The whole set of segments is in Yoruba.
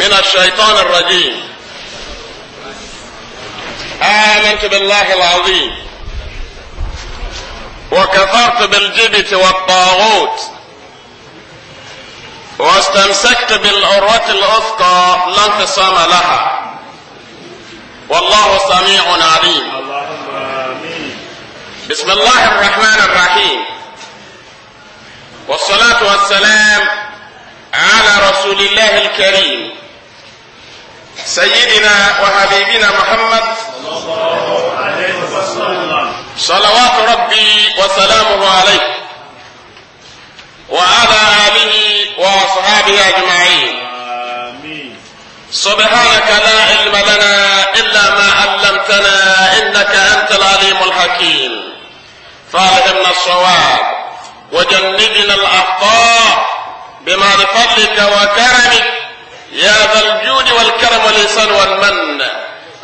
من الشيطان الرجيم آمنت بالله العظيم وكفرت بالجبت والطاغوت واستمسكت بالعروة الأثقى لا انقسام لها والله سميع عليم بسم الله الرحمن الرحيم والصلاة والسلام على رسول الله الكريم سيدنا وحبيبنا محمد صلوات ربي وسلامه عليه وعلى آله وأصحابه أجمعين سبحانك لا علم لنا إلا ما علمتنا إنك أنت العليم الحكيم فألهمنا الصواب وجنبنا الأخطاء بما بفضلك وكرمك يا ذا الجود والكرم والإحسان والمن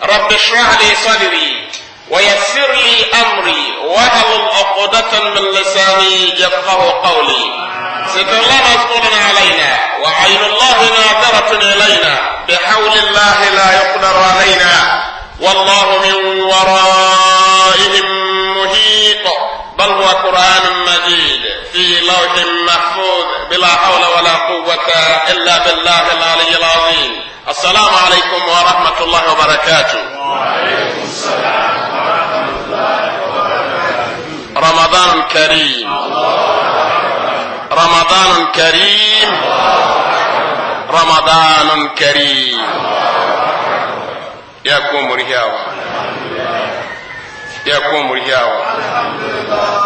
رب اشرح لي صدري ويسر لي أمري وهل عقدة من لساني يفقه قولي ستر الله مسؤول علينا وعين الله ناظرة إلينا بحول الله لا يقدر علينا والله من ورائهم محيط بل هو قرآن مجيد لوح محفوظ بلا حول ولا قوة إلا بالله العلي العظيم السلام عليكم ورحمة الله وبركاته وعليكم السلام ورحمة الله وبركاته رمضان كريم رمضان كريم رمضان كريم يا قوم رياوة يا قوم رياوة الحمد لله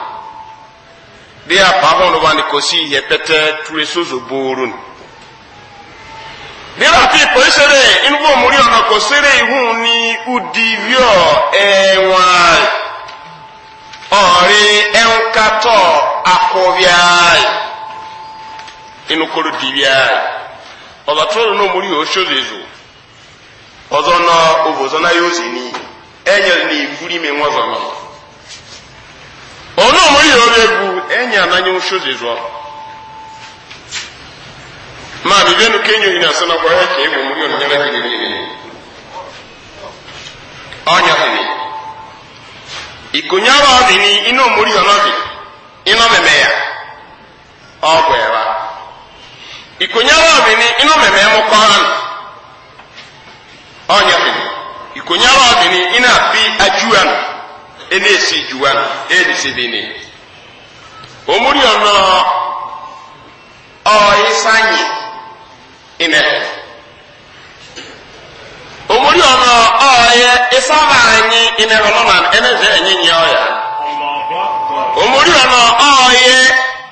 de a paa hɔn noba ne kɔsi yɛ pɛtɛ ture soso booro no nígbà tí ìpèsèrè inúbò mórí ọ̀nà kò sèrè ìhùn ní udiviọ ẹ̀wọ̀n ọ̀rẹ́ ẹ̀ńkátọ̀ akọ̀wíà inú kóró dìbíà ọ̀dọ̀ tó lónà mórí oṣooṣù èzò ọ̀dọ̀ náà òbòzọ́nà yóò sì ní ẹ̀yẹ̀ ní ìfúrí mi wọ́n zọ̀nà. onye omuli olwegu enyaananya obushozi zwa maami byenu kenyuhina asana ya? ebyo omuli ononyalagiririre onyahini ikunyaba abini ina omuli onobi inomemeya ogweba ikunyaba abini inomemeya mukwano onyahini ikunyaba abini inapi ajuano ɛne esi juwa no ɛne si di ni omuri ɔno ɔyi sanyi ɛnɛ omuri ɔno ɔyɛ ɛsaba anyi ɛnɛ ɔno na ɛnɛ zɛ ɛnyi nyɛ ɔya omuri ɔno ɔyɛ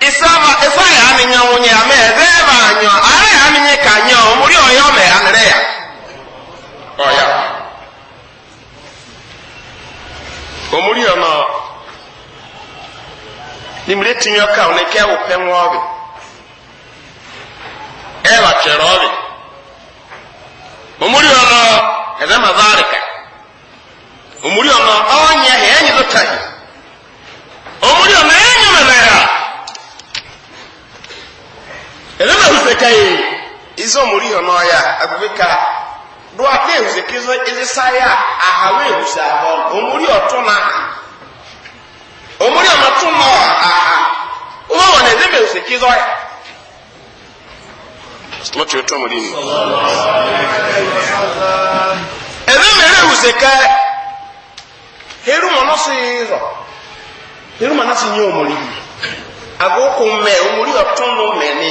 ɛsaba ɛfa yɛ ani nyɛ wonye amɛ ɛzɛ ɛba anyɔ ayɛ ani nyɛ ka nyɛ omuri ɔyɛ ɔmɛ anrɛ ya ɔya. omuli ono nimuletinywa e kawo nekewupemu obi ebakyera obi omuli ono ezamazalika omuli ono onyehe enyizutahi omuli ono enyumebera ezamahusekaye izo omuli ono ya agubika do ake ehuze kizo ezisaya ahawe omuri ọtọ na aha omuri ọmọtọ aha ụmụ wọn na ezebe kizo ya lọtị ọtọ mụ dị ka heru heru nye omuri agụkwụ mme omuri ọtọ na ni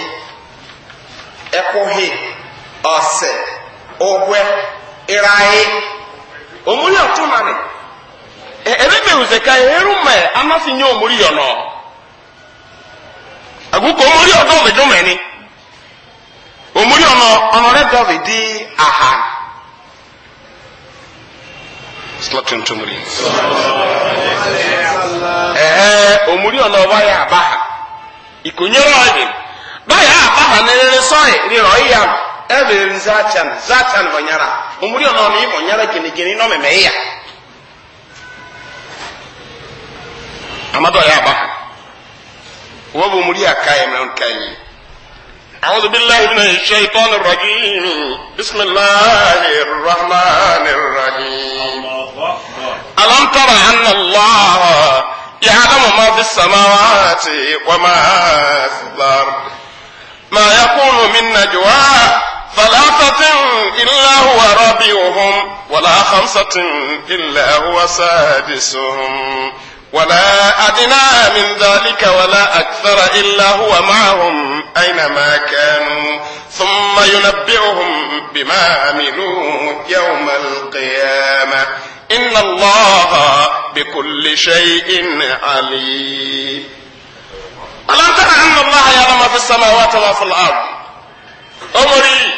Omuri ogwe iraye omuli otumani e, ebebewuzeka erume amasi nye omuli yono aguko omuli odo omedumeni Omuri ono onore dovi di aha slatin tumuli ee Omuri ono oba ya abaha ikonyere oyi baya abaha nerere soyi riro iya ɛbɛn zaatan zaatan hɔnyara omuri ɔna ɔne hɔnyara genegene na ɔmɛmɛ yia amadɔ yɛ aba wɔbɔ omuri aka yɛ mmerɛ nka yi أعوذ بالله من الشيطان الرجيم بسم الله الرحمن الرحيم ألم تر أن الله يعلم ما في السماوات وما في الأرض ما يكون من نجوى فلا تطع إلا هو رابعهم ولا خمسة إلا هو سادسهم ولا أدنى من ذلك ولا أكثر إلا هو معهم أينما كانوا ثم ينبئهم بما عملوا يوم القيامة إن الله بكل شيء عليم ألم تر أن الله يعلم في السماوات وفي الأرض أمري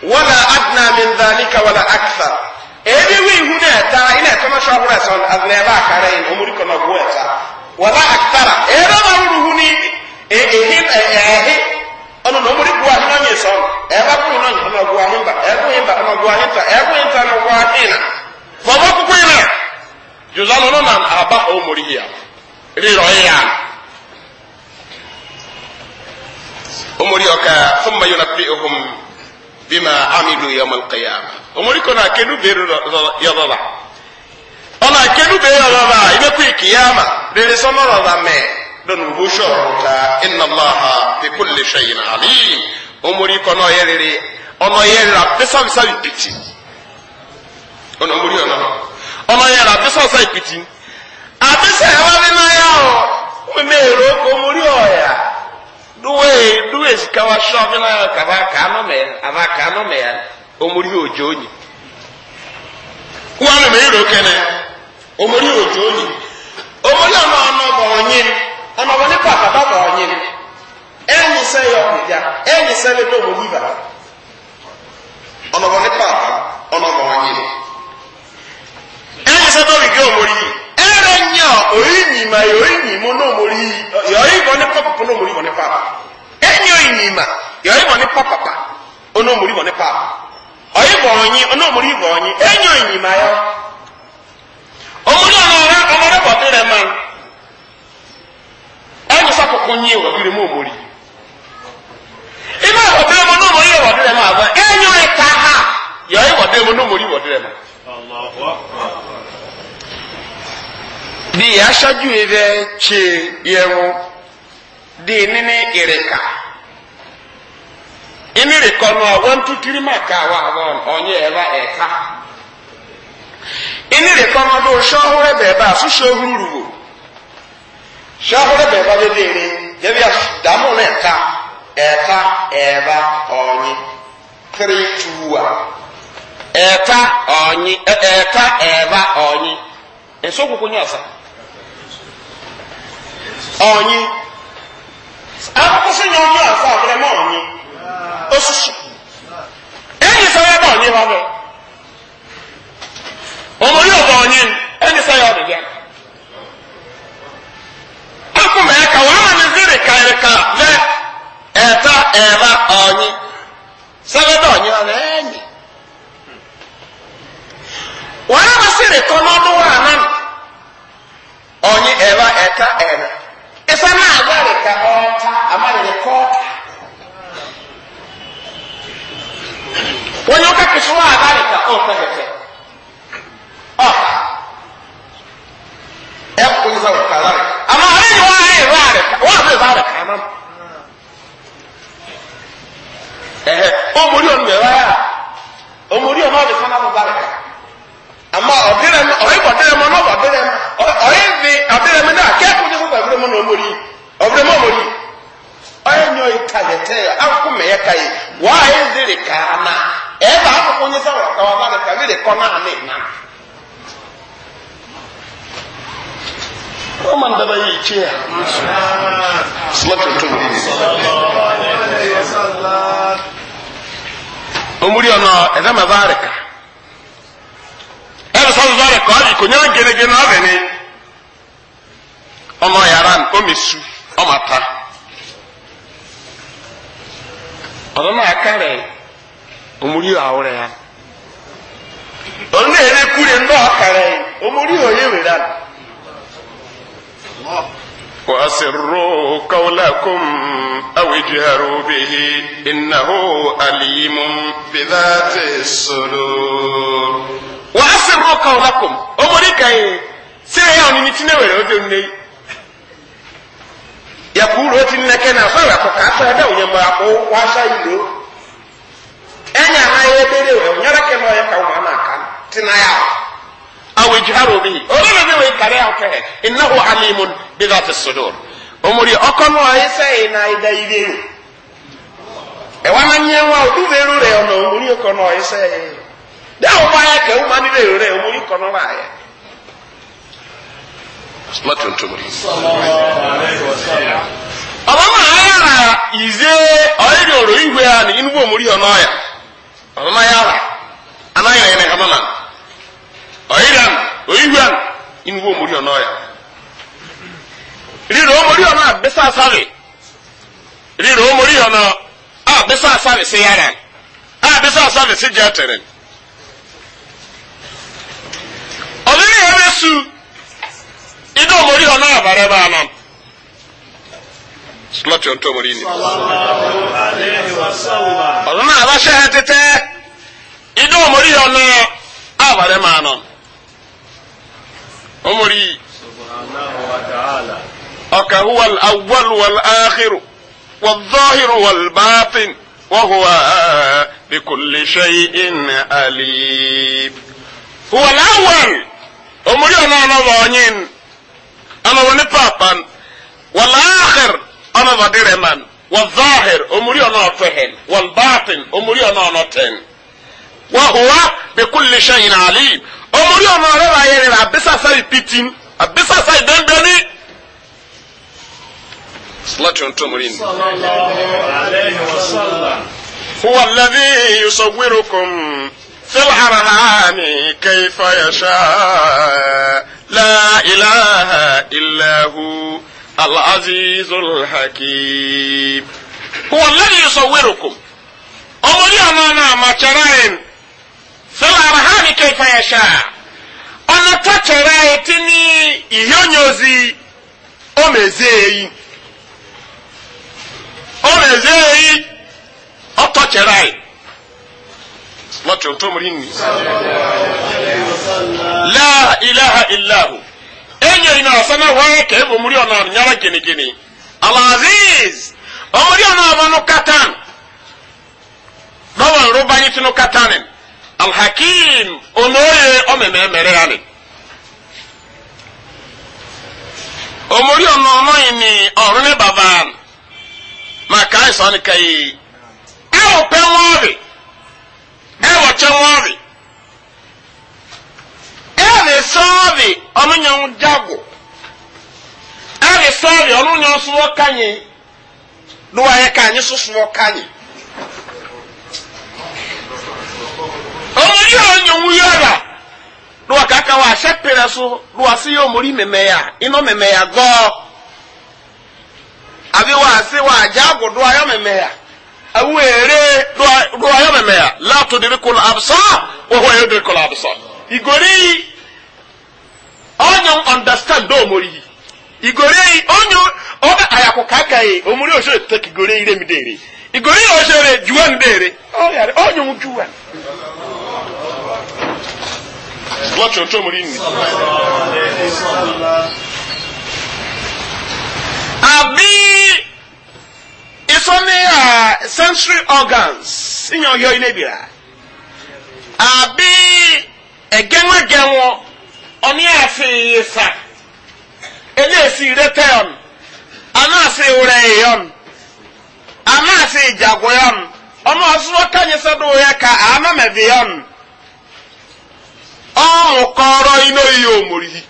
wala adna min dhalika wala akthar ebi wi hu na ta ina kama shawara son azna ba wala akthar ma ru e e e e ono no muri na ni son e ba ku no ni no e ku hin no bua hin e ku hin no bua fo ba ku juzalo no nan aba o ya ri ro ya umuri oka thumma bima amilu yawmal qiyamah omori kɔnɔ akenu beeru yɔrɔba ɔnɔ akenu beeru yɔrɔba ibeku ikiyama lele sɔmɔrɔba mɛ dɔnni o b'o sɔrɔ ka inna allaha bi kulli shayin alim omori kɔnɔ yɛrɛre ɔnɔ yɛrɛra bisabisabi piti ɔnɔ omori ɔnɔ ɔnɔ yɛrɛra bisabisabi piti abisa yɛ wa bi na ya o mɛ ero omori ɔya duwe duwe sikawa shofi na kaba kano me ava kano me yan omuri ojo ni wanu me yiro kene omuri ojo ni omuri ono ono bo onye ono bo ni pa kaba bo onye enyi se yo ni ja enyi se le do mo biba ono bo pa ono bo onye na yoyinyimu n'omuli yoyiboneka papa n'omuli boneka papa enyoyinyima yoyiboneka papa onomuli boneka papa oyibonyi onomuli bonyi enyoyinyima yo omuli onora onora botere man anyisa kukunyi wabiri mu omuli ibe botere mu n'omuli botere man enyoyika ha yoyibodere mu n'omuli botere man. di aṣáájú ẹ̀rẹ́ ṣe di nini ìrìkà inú ìrìkọ ka wà wọn ọ̀nyẹ́ ẹ̀rọ ẹ̀ka inú ìrìkọ náà ló ṣọ́húrẹ́ bẹ̀ẹ̀ bá àṣùṣe òhúrù wò ṣọ́húrẹ́ bẹ̀ẹ̀ ni jẹ́bi àdàmú kiri tuwa eka ọ̀nyi akókóso nyɛ ɔnyi afa ɔbɛrɛ mɛ ɔnyi osisi ɛni sɛ ɔyɛ bɛ ɔnyi hɔ bɛ ɔmɔli ɔbɛ ɔnyi ɛni sɛ ɔyɛ ɔdi dɛ akó mɛ ɛka wɔn ama ne ziri ka ɛka lɛ ɛta ɛra ɔnyi sɛ ɔyɛ bɛ ɔnyi hɔ bɛ ɛnyi wɔn ama siri tɔ n'ɔdɔ ɛka ɛna ɛsɛ na agbare ka ɔta amadede kɔɔta wɔn yɛ kake so agbare ka ɔta kɛkɛ ɔta ɛkò yi sɛ ɔkara ama ɔyɛ yi wɔn ayɛ wɔn ayɛ ka wɔn ayɛ wɔn ayɛ ka nam ɛhɛ ɔmori ɔnu yɛ wɔn ayɛ ɔmori ɔnu ɔbɛ sɛ ɔnu abɔ bare ka ama ɔdɛrɛ ɔyɛ bɔ dɛrɛ mɔ kɔ naa ne na o man daba yi kye a sula tuntum bi omuri ɔnɔ ɛdɛm ɛvaare ka ɛdɛ sɔ zɔre ka ɔyi ko nyɛ genegene ɔbɛ ni ɔnɔ yara ni ɔmɛ su ɔmɛ ta ɔdɔ naa kare omuri awore ya. òun náà ebe kúre ń bá ọkàrà omori òye wè rà. وأسروا قولكم أو اجهروا به إنه أليم بذات الصدور وأسروا قولكم أمري كاي سيئا نمتنا ولو يقول وتلنا كنا صلى فكاتا دو يمعقو واشا يلو أنا ما يدري ونركب ويكاو معنا كان tena yao aw ijharu bihi olóòlù bí wọ́n kàrí àwọn kẹ́hẹ́ ináwó alimun bí wọ́n ti sòdò omori ọkọ náà ẹ na náà ẹ dá ilé rẹ ẹ̀wọ́n náà elu wọn ọdún rẹ ọ̀nà omori ọkọ náà ẹ sẹ́yìn dáhùn bá yẹ kẹ́hùn tuntum ya na ya ní inú bò ma. ọ̀yíran òyíran inú wo mórí ọ̀nà ọ̀yà rírò mori mórí ọ̀nà asari sáré rírò ó mórí ọ̀nà àbẹ́sà sáré sí yàrá àbẹ́sà sáré sí jẹ́ tẹ̀rẹ̀ ọ̀dẹ́ni yẹn bẹ́ su inú mórí ọ̀nà àbàrẹ́ bá a nọ. Slot yọ̀ ntọ́ mórí ni. Ọ̀dọ́nà àbáṣẹ́ tẹ́tẹ́ inú mórí ọ̀nà àbàrẹ́ máa nọ. عمري سبحانه وتعالى أك هو الأول والآخر والظاهر والباطن وهو بكل شيء عليم هو الأول عمري أنا أنا ظانين أنا وني بابا والآخر أنا ظدير من والظاهر أمري أنا أطهن والباطن أمري أنا أطهن wahuwa bɛ kulle sahin alim ɔmuri ɔmɔ rɛ ba yɛrɛ la abisasa yi pitin abisasa صلى الله عليه يعني وسلم هو الذي يصوركم في الحرام كيف يشاء لا إله إلا هو العزيز الحكيم هو الذي يصوركم أولي أنا ما sọlá arahaami kẹfà yẹ ṣá ọ̀nà tọ́tọ̀rọ̀ etí ní ìyónyozi ọmọezeyi ọmọezeyi ọtọ̀tọ̀rọ̀ yìí lọ́tọ̀ tó mìíràn ni láà iláha iláhu ẹ̀yẹ iná ọ̀sán wọ́n kẹ́ ọmọrí ọ̀nà nyára gẹ́nẹ́gẹ́nẹ́ alaziz ọmọrí ọ̀nà ọmọ nù kátán lọ́wọ́ nrúbáyé tinú kátánì. alhakim onoye ọmeme emere ya ni omori ọ̀nà ọ̀nọ́yìn ni ọ̀rún ní bàbá màkà àìsàn nìkan yìí ẹ wò pé wọ́n rì ẹ wò tẹ wọ́n rì ẹ rì sọ́ọ̀rì ọ̀nùyàn jágò omuli onyo yara lwa kaka wa shapira so lwa si yo muri memeya ino memeya go abi wa si wa jago do ayo memeya awere ya ayo memeya la tudrikul absar wa huwa yudrikul absar igori onyo understand do muri igori onyo oba ayako kaka e omuri osho tek igori ire midere igori osho re juwan dere lọ́tọ̀ tó A rí iso àbí a sensory organs ìyàn ọ̀yọ́ A bìrà àbí ẹ̀gẹ́wọ̀gẹ́wọ̀ ọ̀ní àfihàn ìsà eléyìí rẹ́tẹ̀ ọ̀nù anáàfin ìwúrẹ́ yìí ọ̀nù anáàfin ìjàgbọ́ ọ̀nù ọmọ ọ̀sùn ọ̀kányẹ́sọ́dọ̀ yẹ ká àmàmẹ́bí ọ̀nù. ọrùn kọrọ inú iye òmòrì yìí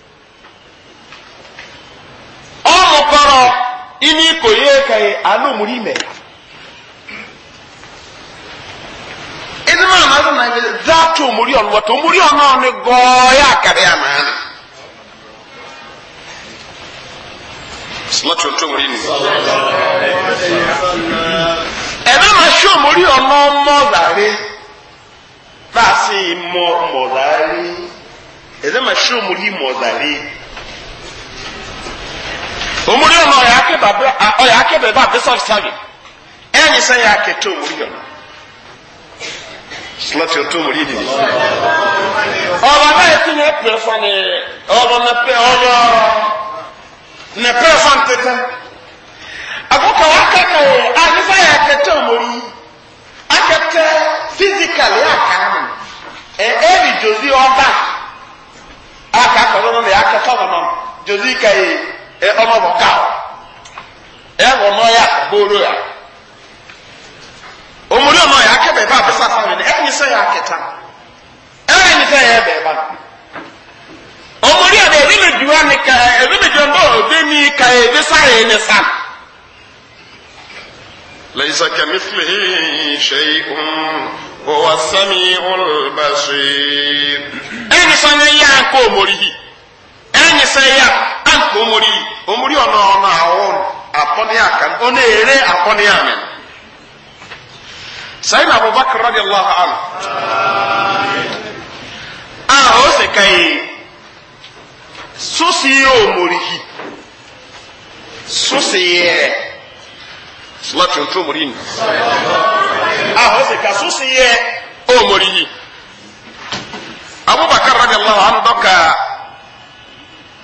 ọrùn kọrọ inú ikò yẹ kẹyẹ àánú òmòrì mẹ. ẹni máa ma sọ náà dáàtú òmòrì ọ̀nà wọ̀tọ̀ òmòrì ọ̀nà ọ̀nà gọ́ọ̀yà kàrí àná. sọlọ́tì ọ̀tún òmòrì nìyí. ẹ̀rọ máa ṣe òmòrì ọ̀nà ọmọ ọ̀gá baasi mɔ mɔzari ɛzɛma si omuli mɔzari omuli ɔna ɔyɛ akɛbɛ abɛ ɔyɛ akɛbɛ bɛ abɛsɛ ɔsabi ɛyɛ sɛ yɛ akɛtɛ omuli ɔna silati ɔtɔ omuli yi ɔba náà yɛ ti nyɛ pɛ fani ɔba náà pɛ ɔyɔ. tozi ka yi ɛ ɔmɔ bɔ ká ɛ wɔ mɔ ya gbóòrò ya omori ɔmɔ ya kɛbɛ ba abisa fa mi ni ɛ nyi ya kɛta ɛ yɛ nyi sɛ yɛ bɛ ba omori ɔmɔ ebi mi diwa mi ka ebi mi diwa mbɔ obi mi ka ebi sa yɛ ni sa. ليس كمثله شيء وهو السميع البصير. أنا سامي يا كوموري ɛnyɛ sɛ yɛ anka omori omori ɔno ɔno awon akɔne aka no ɔno ere akɔne amen sɛn na abubakar radi allah anu a ose kai sosi yɛ omori yi sosi yɛ sula tuntun omori yi a ose ka sosi yɛ omori yi abubakar radi allah anu dɔka.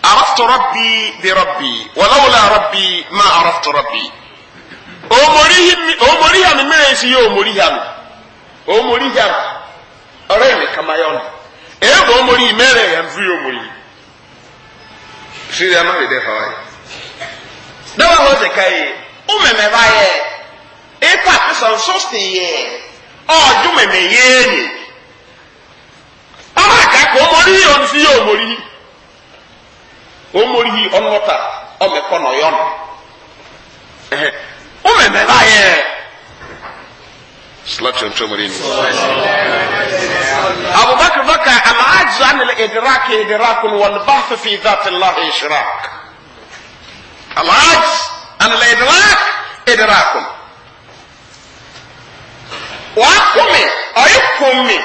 عرفت ربي بربي ولولا ربي ما عرفت ربي omoriham mmiri esi ya omoriham omoriham ọrẹ mi kama ya ọnà ebe omori mere ya nzu ya omori siri ama dede ha ọyị dawa ha ọzọ ka yi umeme ba ya ipa akasa nso si ya ọjụ meme ya enyi ọ aka ka omori ya nzu ya omori omorihi ɔnwota ɔmɛkɔ n'ɔyɔn ɛhɛ ɔmɛmɛ ba yɛ sila tuntun tɔmɔ de ni. abubakar baka alhaji anil idiraki idirakun walbaaf fi dati lahi ishirak alhaji anil idirak idirakun wàá kumi ɔyẹ kumi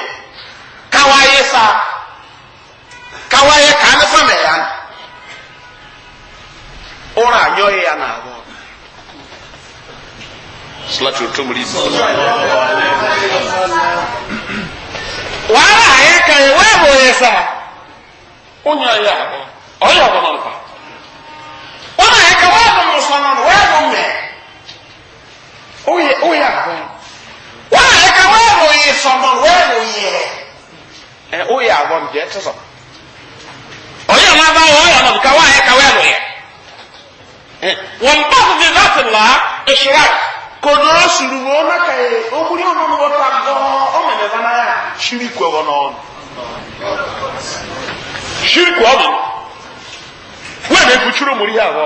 kawaye sa kawaye kan ɔrɔ anyɔ ya n'awɔ silatu tomori wàhálà ayé kan yẹ wọ́n bò yẹ sá ɔnyɔ yɛ awɔ ɔyɛ ɔbɔ náà pa wọ́n ayé kan wọ́n bò mọ̀ sọ̀nà wọ́n bò mẹ́ ɔyɛ ɔyɛ awɔ wọ́n ayé kan wọ́n bò yẹ sọ̀nà wọ́n bò yẹ ɛ ɔyɛ awɔ wọn bá fi láti là ìṣirà kò ní ọ sùrù wọn náà kà yé ọmọdé ọmọ mi wọta gan ọmọ mi nana yà ṣírí kù ẹwọ náà ṣírí kù ọmọ wọn èdè kùtùrù mú rí àwọ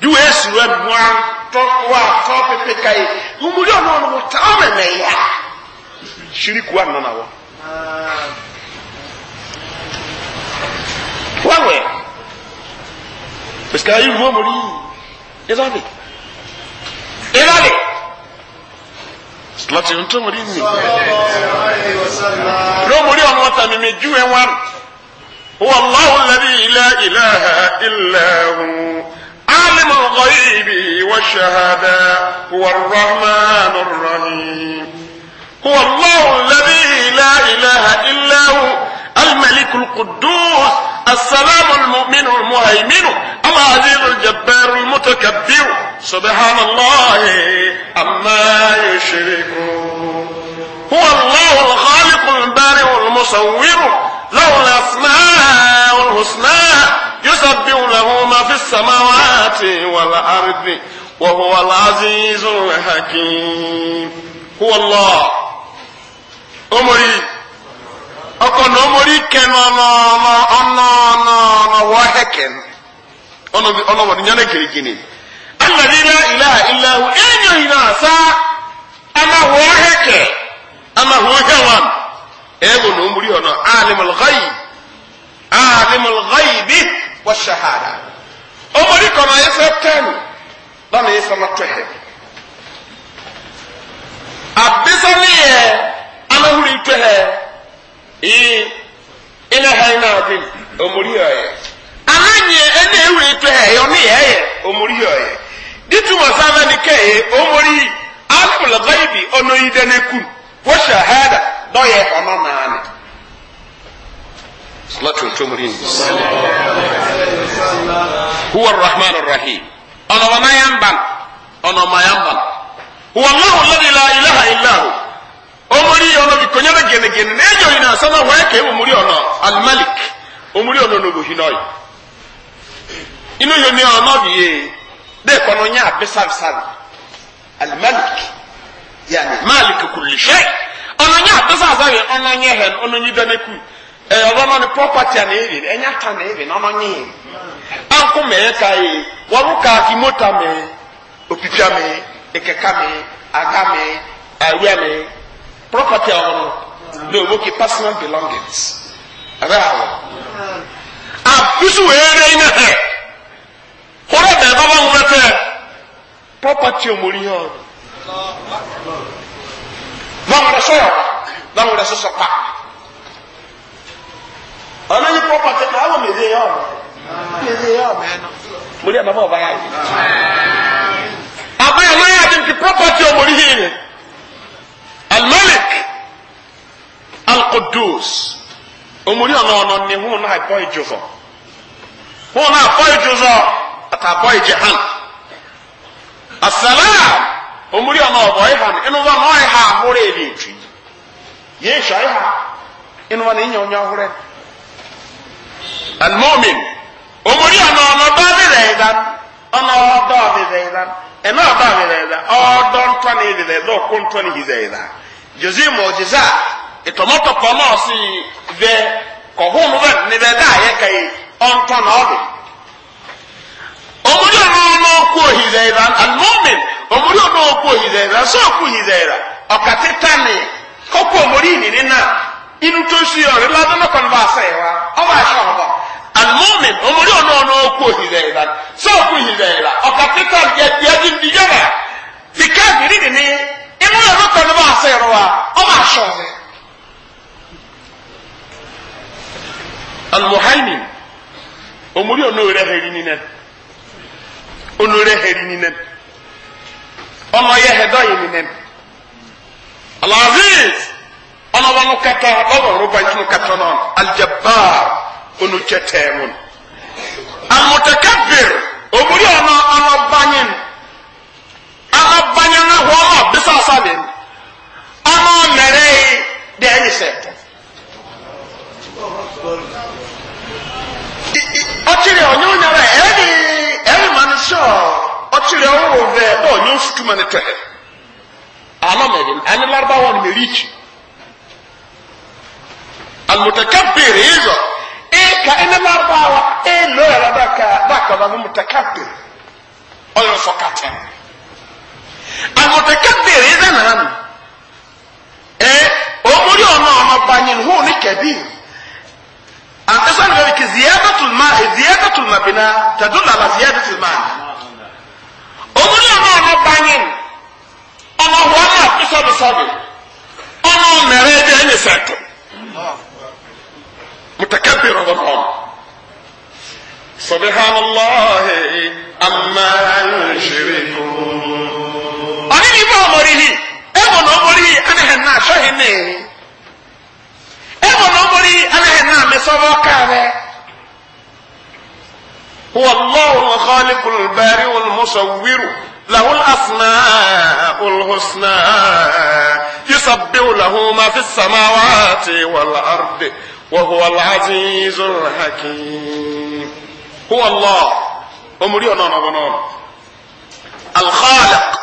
diwọ esuru ẹmu a tọ wa tọ pépé ka yé ọmọ mi wọta ọmọ mi yà ṣírí kù àná náà wọ. wáwẹ̀ parce que ayiwu omori ilabe ilabe lọtí ntọ́ omori mi lọ́mọdé ọmọ ọ̀tá mi mi ju ẹ̀ wá wọ́n lọ́wọ́ lẹ́bi ilẹ̀ ilẹ̀ ilẹ̀ ọ̀hún. عالم الغيب والشهادة هو الرحمن الرحيم هو الله الذي لا إله إلا هو الملك القدوس السلام المؤمن المهيمن العزيز الجبار المتكبر سبحان الله عما يشركون هو الله الخالق البارئ المصور له الأسماء الحسنى يسبح له ما في السماوات والأرض وهو العزيز الحكيم هو الله أمري ọkọ na ọmọrí kẹ nọnọnọnọnọ wọ́n hẹ́kẹ́ ọlọ́wọ́ ni yánà gírígírí alàdé ilá ilá ìlàwó ẹ̀yìn ìlà àṣà amáwọ̀ hẹ́kẹ́ amáwọ̀ hẹ́wọ̀n ẹ̀wọ̀ na ọmọrí ọ̀nà alimọlọ́gáyì alimọlọ́gáyì bí wọ́n ṣahara ọmọrí kọ̀ náà ẹ̀fẹ́ tẹ́nu lọ́nà ẹ̀fẹ́ mọ́tò ẹ̀ àbísọ́ ní ẹ̀ ii ina han na abin omuri yɛ ahanye ɛna ewuri to yɛ ɔne yɛ yɛ omuri yɛ ditu masaba ni kɛ yɛ omuri alimul ghaibi ɔno yi dɛ n'ekum wɔ shahada dɔyɛ ɔno naani salatu ntomurin huwa rahman rahim ɔnɔ wɔn ayan ban ɔnɔ ma yan ban huwa allahu ladi la ilaha illahu. omuri ono bikonya nagenegene nejo ina sana weke omuri ono almalik omuri ono nobuhinoy ino yo ni ono biye de kono nya besab sab almalik yani malik kulli shay ono nya besab sab ono nya hen ono nyi daneku e ono no ni property na iri enya e, ta na iri no no nyi anko me kai e. waruka ki mota me opipia me ekeka me aga me awe me property àwọn no ní owó kí personal belongings ẹ̀rẹ́ àwọn. àbísù eré iná hẹ̀ kúrẹ́ bẹ̀rẹ̀ bá wọn mẹ́tẹ́ property òmòrí hàn. láwọn ẹ̀sọ́ yà wá láwọn ẹ̀sọ́ sọ pa. ọ̀nà yìí property kà á wọ̀ mèdè yà ọ̀mọ̀ mèdè yà ọ̀mọ̀ ẹ̀ nọ. mo ní àbábọ̀ ọ̀bá yà yìí. àbáyọ̀ lọ́yà àti property òmòrí hìí ni. kudus omuri ọ̀nà ọ̀nà ni wọn náà bọ́ ìjọsọ wọn náà bọ́ ìjọsọ àtàbọ̀ ìjẹ̀hán àsàlá omuri ọ̀nà ọ̀bọ̀ ìhà ni inú wọn náà ìhà ahọ́rẹ́ èdè ìtù yìí ìṣọ̀ ìhà inú wọn ni ìyẹn onye ahọ́rẹ́ almomin omuri ọ̀nà ọ̀nà ọ̀dọ́ ọ̀dẹ̀dẹ̀ ìdán ọ̀nà ọ̀dọ́ ọ̀dẹ̀dẹ̀ ìdán ẹ̀nà ọ̀dọ́ ọ̀dẹ̀dẹ̀ ìdán ọ̀dọ́ ntọ́ni ìdẹ̀dẹ̀ lọ́ọ̀kọ́ ntọ́ni ìdẹ̀dẹ̀ ìdán jòzí mọ̀ọ́jìzá ìtọ̀mọ́tọ̀ pọ̀ náà sí bẹ kọ̀hún bẹ́ẹ̀ níbẹ̀ dá ayẹ kẹyì ọ̀ntọ́ náà ọ̀dọ̀. Omúlò náà náà kú òhìzẹ̀ ìrà àlùmọ́mìn omúlò náà kú òhìzẹ̀ ìrà sọ́ọ̀kú òhìzẹ̀ ìrà ọ̀kà títà ni kókó omúlò ìnìní náà inú tó sí ọ̀rẹ́ lọ́dún kan bá sẹ̀ wá ọba àṣọ ọ̀bọ̀ àlùmọ́mìn omúlò náà almuhaimin omuri ono rẹ hẹri ninẹ ono rẹ hẹri ninẹ ọmọ yẹ hẹdọ yẹ ninẹ alaziz ọlọwọnu kẹtọ ọlọwọnu banyinu kẹtọ náà aljabar ono kyẹ tẹẹmu amutakabir omuri ọmọ ọmọ banyin ọmọ banyin ahọ ọmọ bisasa mi ọmọ mẹrẹ yi dẹ ẹyin sẹ. kyerɛ ɔwɔ vɛ dɛ ɔnyɛ nsutuma ne tɛhɛ alamɛdin ɛne larabawa ne merikyi almutakabir ezɔ eka ɛne larabawa elo yɛrɛ daka daka ba ne mutakabir ɔyɛ sɔ katɛn almutakabir ezɔ nana no ɛ omori ɔno ɔno banyin hu ne kabir أسأل ذلك زيادة الماء زيادة المبنى تدل على زيادة المعنى omuli ọmọ ọmọ banyin ọmọ ọhụrụ ọmọ ọkụsọbịsọbị ọmọ mere ebe enyi sẹtụ متكبر غضبان سبحان الله عما يشركون أنا نبا أمره أبو نمره أنا هنا شهنه أبو نمره أنا هنا مصابه كاره هو الله الخالق البارئ المصور له الأسماء الحسنى يسبح له ما في السماوات والأرض وهو العزيز الحكيم هو الله أمري أنا بنون الخالق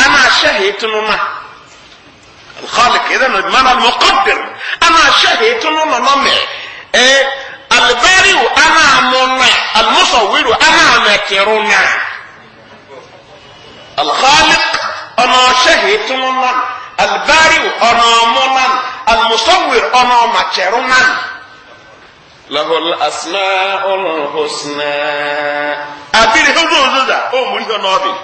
أنا شهيت لنا الخالق إذا بمعنى المقدر أنا شهيت لنا نمي إيه albariu ana amuna almusawiru ana amekiruna alkhaliq ana shahituna albariu ana amuna almusawir ana makiruna له الأسماء الحسنى أبير هدو زوزا أو مريه نوبي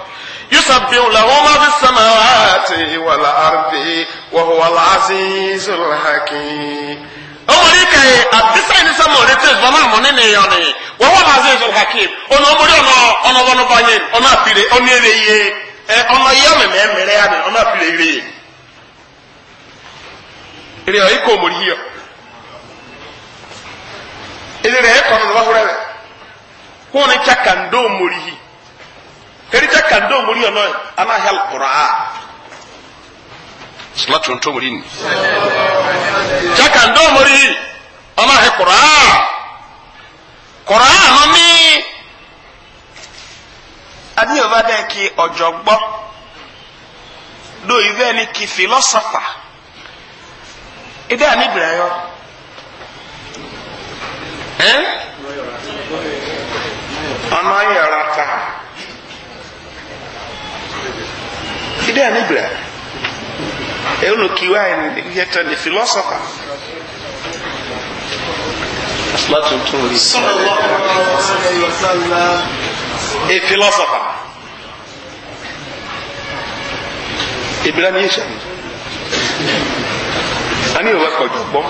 يسبح له ما في السماوات والأرض وهو العزيز الحكيم ọmọdé ka yi àtisẹ́yìn ní sẹ́mu ọ̀rẹ́ tẹ̀sí bọ́lá àmọ́ nínú ẹ̀yọ́ ni wọ́n wọ́n máa zẹ́yìn hakim ọ̀nà ọmọdé ọ̀nà ọ̀nà wọn bá yẹn ọ̀nà àpìlẹ̀ ọ̀nà èrè yẹ ọ̀nà yẹ mẹ̀mẹ́ mẹ̀rẹ́ yá ni ọ̀nà àpìlẹ̀ èrè yẹ. èrè ọ̀ ikọ̀ ọmọdé yíyọ èrè rẹ̀ ẹ̀kọ́ ọ̀nà wáhúrẹ́ rẹ̀ kó ní kyakandó ọmọdé yìí kẹ́rì kyakandó ọmọdé yìí ọ̀nà salatu nto mori ni jaka ndo mori ọmọ ahẹ koraa koraa no mi adi yaba dẹ ki ọjọgbọ do ibẹ ni ki filosofa idẹ ani bira eh? yọ ẹn ọmọ yọrọ ta idẹ ani bira yọ. Euno Kiwai, yet a philosopher. A philosopher. Ibrahim Yesha. Ani wa ko jogbo.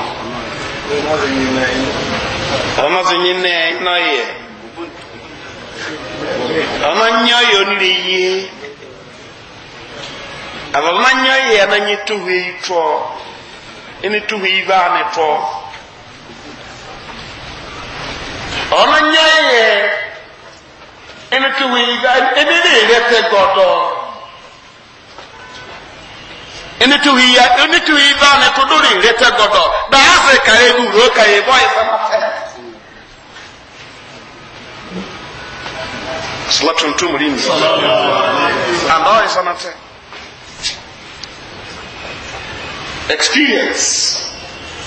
Ọmọ sì yín náà yẹ. Ọmọ nyọ́ yóò nílé abamanya yɛ na nye tuhu yi tɔ ɛne tuhu yi baa ne tɔ ɔnanya yɛ ɛne tuhu yi baa ɛne ne yɛ tɛ gɔdɔ ɛne tuhu yi ɛne tuhu yi baa ne tɔ do ne yɛ tɛ gɔdɔ daa sɛ kare gu ro kare bɔ yi fana fɛ. Sọlá tuntun mu rí mi. Àná ọ̀yẹ́sán náà experience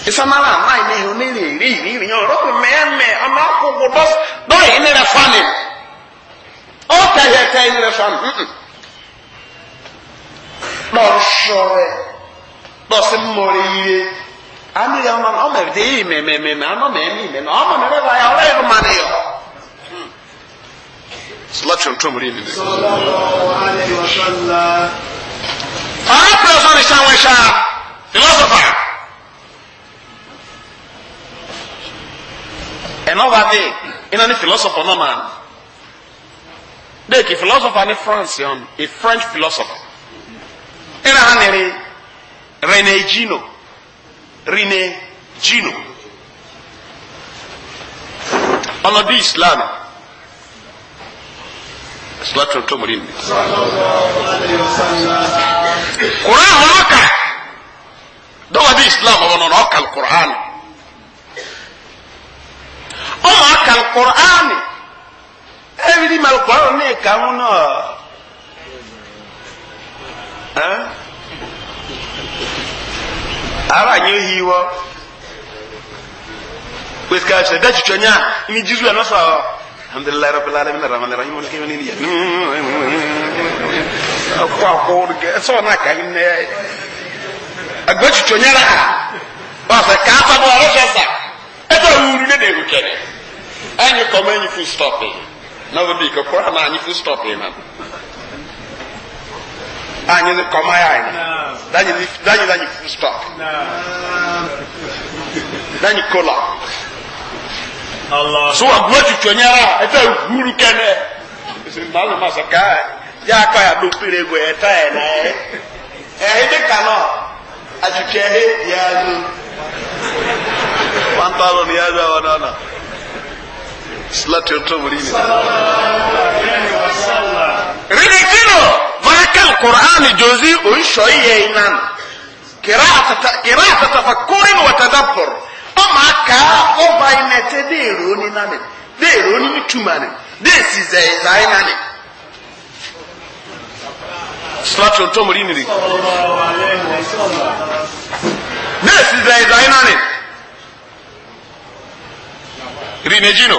isamara amayi ne yoni ne eri iri iri ọrọ mẹmẹ ọmọ akoko dọs dọyìn ní rẹ fani ọtẹ yẹ tẹ ní rẹ fani dọsọrẹ dọsi mọrẹ yie ami yẹ ọmọ ọmọ ẹbi de yìí mẹmẹmẹmẹ ọmọ mẹmí mẹmẹ ọmọ mẹmẹ bá yà ọrẹ yìí mọmọ yọ. sọlá tuntun rí mi. sọlá wà ọ̀rẹ́ pẹ̀lú philosopher ɛnna ɔba de ɛnna philosopher náà maa deeki philosopher ni france yɛn um, a french philosopher ɛnna ha nere rene gino rene gino ɔno di islam islam tó mo di mi. kura àwọn dɔwɔ di islam wɔn no na ɔka alkur'an ɔmo aka alkur'an ɛyiri ma alkur'an ne ka ho no ɛn ara nye yi wɔ wesika sɛ da twitwa nya ni jisu ɛno sɔ alhamdulilayi rabil alamin rahman rahim wani kɛmɛ ni yɛ nuu ɛkɔ akɔ ɛsɛ na ka ne agbẹ́tutu nyara ha ọsẹ kaafa mu ọlọsọ sa ẹdọ wuru ne n'ehu kẹrẹ ẹnyi kọm ẹnyi fún stọpì náà wọ́n di kọkọrọ àmà ẹnyi fún stọpì náà anyi ni kọm ayé ayé danyi ni danyi danyi fún stọpì danyi kola so agbẹ́tutu nyara ẹdọ wuru kẹrẹ ẹsẹ màlúù ma sọ káyà yà á kọ́ yà dókítà ego ẹ̀ tá ẹ̀ náà ẹ̀ ẹ̀ ẹ̀ ẹ̀ ẹ̀ ẹ̀ ẹ̀ ẹ̀ ẹ̀ ẹ̀ ẹ̀ ẹ̀ ẹ̀ ẹ̀ ẹ̀ ajukehe yazo pantalon yazo wanana salatu yoto mulini ririkino makal qur'ani jozi oishoiye inan qira'ata tafakkurin wa tadabbur ọmọ aka ọba inete deero ni nani deero ni nitumani deesi zẹ ẹza inani. slatu tó mori nìyí. bẹ́ẹ̀ sì zẹ̀ ìzọ̀ iná ni rinejino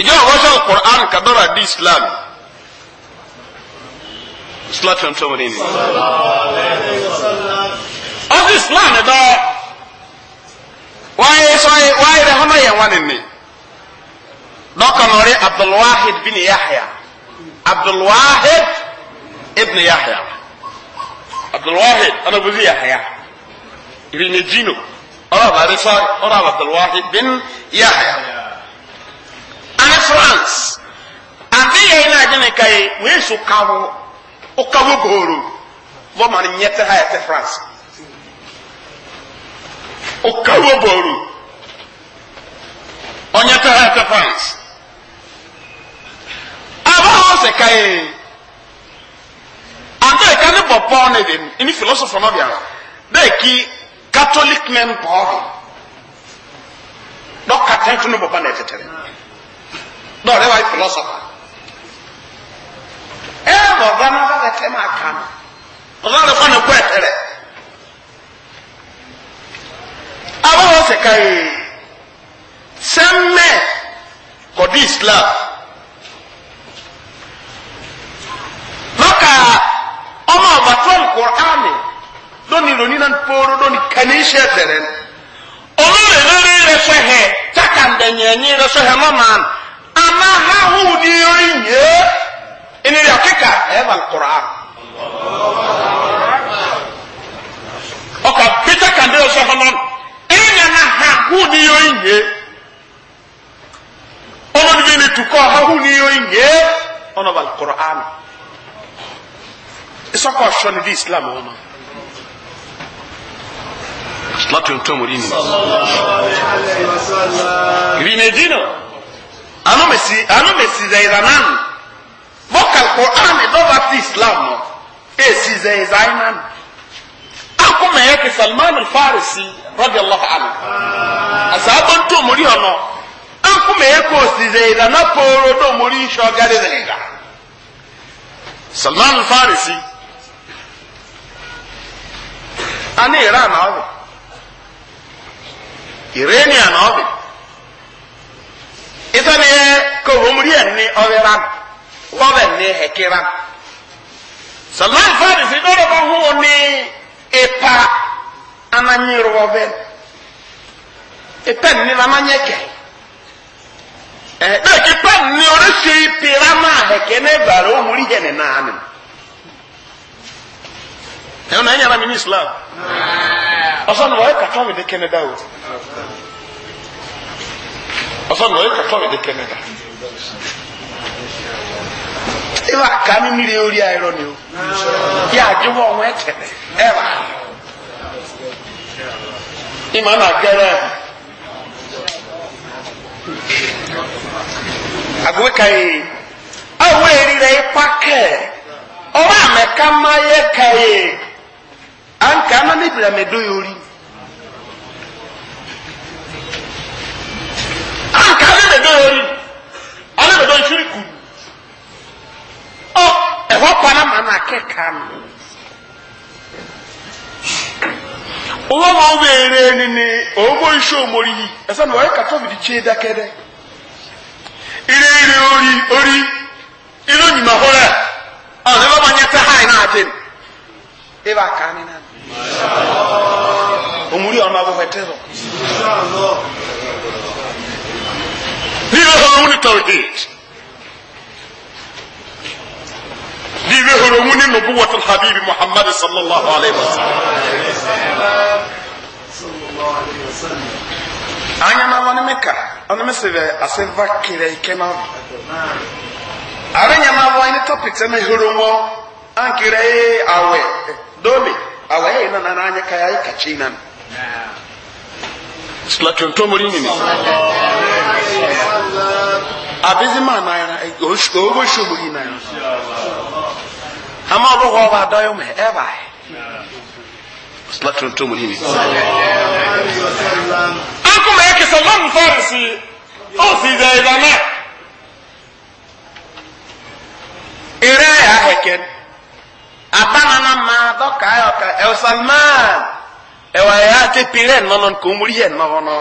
ìjọ ọ̀rọ̀ṣọ́ quran kadọ́ra di islam slatu tó mori nìyí. ọ̀sì islam dọ́ wáyé sọ wáyé rẹ̀ hánà yẹn wá nìyí Abdul Wahid bin yahya Abdul Wahid ibn Yahya Abdulwahid anabuzi Yahya irinejino ọlọ́ba arífọ́ ọlọ́ba Abdulwahid bin Yahya ana France àti yẹn náà jẹ́ nìkan yìí wọ́n èso kawo ó kawo gòòrò wọ́n máa ń yẹ tẹ́ ha yẹ tẹ́ France ó kawo gòòrò ọ̀nyẹ tẹ́ ha yẹ tẹ́ France abọ́ ọ̀sẹ̀ kan yìí anta ika ne bɔ pɔn ne de ni philosopher no biara bɛɛ ki catholic men bɔɔbi dɔ kata to ne bɔ pa na ɛtɛtɛrɛ dɔ ɔrɛ wa philosopher ɛɛ e bɔ ba na ba tɛ ma kan ɔba yɛrɛ fɔ ne kɔ ɛtɛrɛ awo wɔ sɛ ka ye sɛmɛ kɔdu islam lɔka ọmọ àbàtọ́ nkùránì lónìí lónìí náà pòórò lónìí kàní iṣẹ́ tẹ̀rẹ̀ olóòrè lórí rẹsẹ̀ hẹ̀ takàndẹ̀yẹ̀yìn rẹsẹ̀ hẹ̀ mọ́mà àmà háhù ní orí yé ẹni rẹ̀ kíkà ẹ̀ bà nkùrán. ọkà pété kàndé rẹsẹ̀ hẹ̀ mọ́mà ẹni rẹ̀ náà háhù ní orí yé ọmọdé bíi ni tukọ̀ háhù ní orí yé ọ̀nà bà nkùrán sọ́kọ̀ ṣọ́ ni bí islam wọn ma láti ohun tó mú rí ni. rìnèdínà anúmẹ̀sì zẹ̀yìnrán bọ́kàl kọ́ránì dọ́gba ti islam nọ èsì zẹ̀yìnrán akọ́mọ̀ yẹ kí salman alfarisi rọ́bì allah ali àsàbọ̀ tó mú rí ọ̀nà akọ́mọ̀ yẹ kó sì zẹ̀yìnrán tó mú rí iṣẹ́ ọ̀gá salman alfarisi ana iran na ọbụ iranian na ọbụ ịsọdụ ya ka omuri ẹni ọbịran wọbụ ẹni hekiran salam fadis ịdọrọ bụ ọhụụ ni ịpa ananyị rụọ bụ ịpa nni na ananyị ke ẹ ẹ ịpa nni ọ na-esi ịpịra na ahekene bara omuri ya na naanị ẹ̀rọ na yẹn ara mi ní islam ọ̀sán ni wọ́n yẹ kàtọ́ mi dé kẹ́nẹ́dá o ọ̀sán ni wọ́n yẹ kàtọ́ mi dé kẹ́nẹ́dá ìwà ká mi mìíràn orí àìrọ ni o yà á jẹ́wọ́ ọ̀hún ẹ̀tẹ̀lẹ̀ ẹ̀ wà ìmọ̀ náà gẹ́rẹ́ ẹ̀ àgbẹ̀ka àwọn èrì rẹ̀ ipá ọ̀rọ̀ àmẹ́ká máa yẹ kẹ̀ anka ama mebira medo ya ori anka ama medo ya ori ama medo ori ku ọ ẹhọ ma na keka ma ọ bụ ere ni owó iṣẹ́ òmòrì yi ẹsẹ̀ ire ire ori ori ma nyẹ tẹ́ háì náà eba kani na omuli ono abuvetero libehoro muni tawhid libehoro muni nubuwat alhabibi muhammadi sallallahu alaihi wasallam anyama wani meka ɔno me se bɛ ase va kere ike na are nyama wani topic sɛ na ihoro wɔ ankere awɛ domi awaye na na nanya kaya yi kaci nan slatron to mori ne abizi ma na yana ogo shobori na yana ama ọrụ ha ọba adọyo ma ebe ahụ slatron to mori Aku me ya kesa lọm farisi o si zai zama ire ya heken na e e ma dɔka ayɔ ka ɛwusalman ɛwɔ ɛyà ti pinlɛ nɔnɔ kò múri yɛ nɔgɔnɔ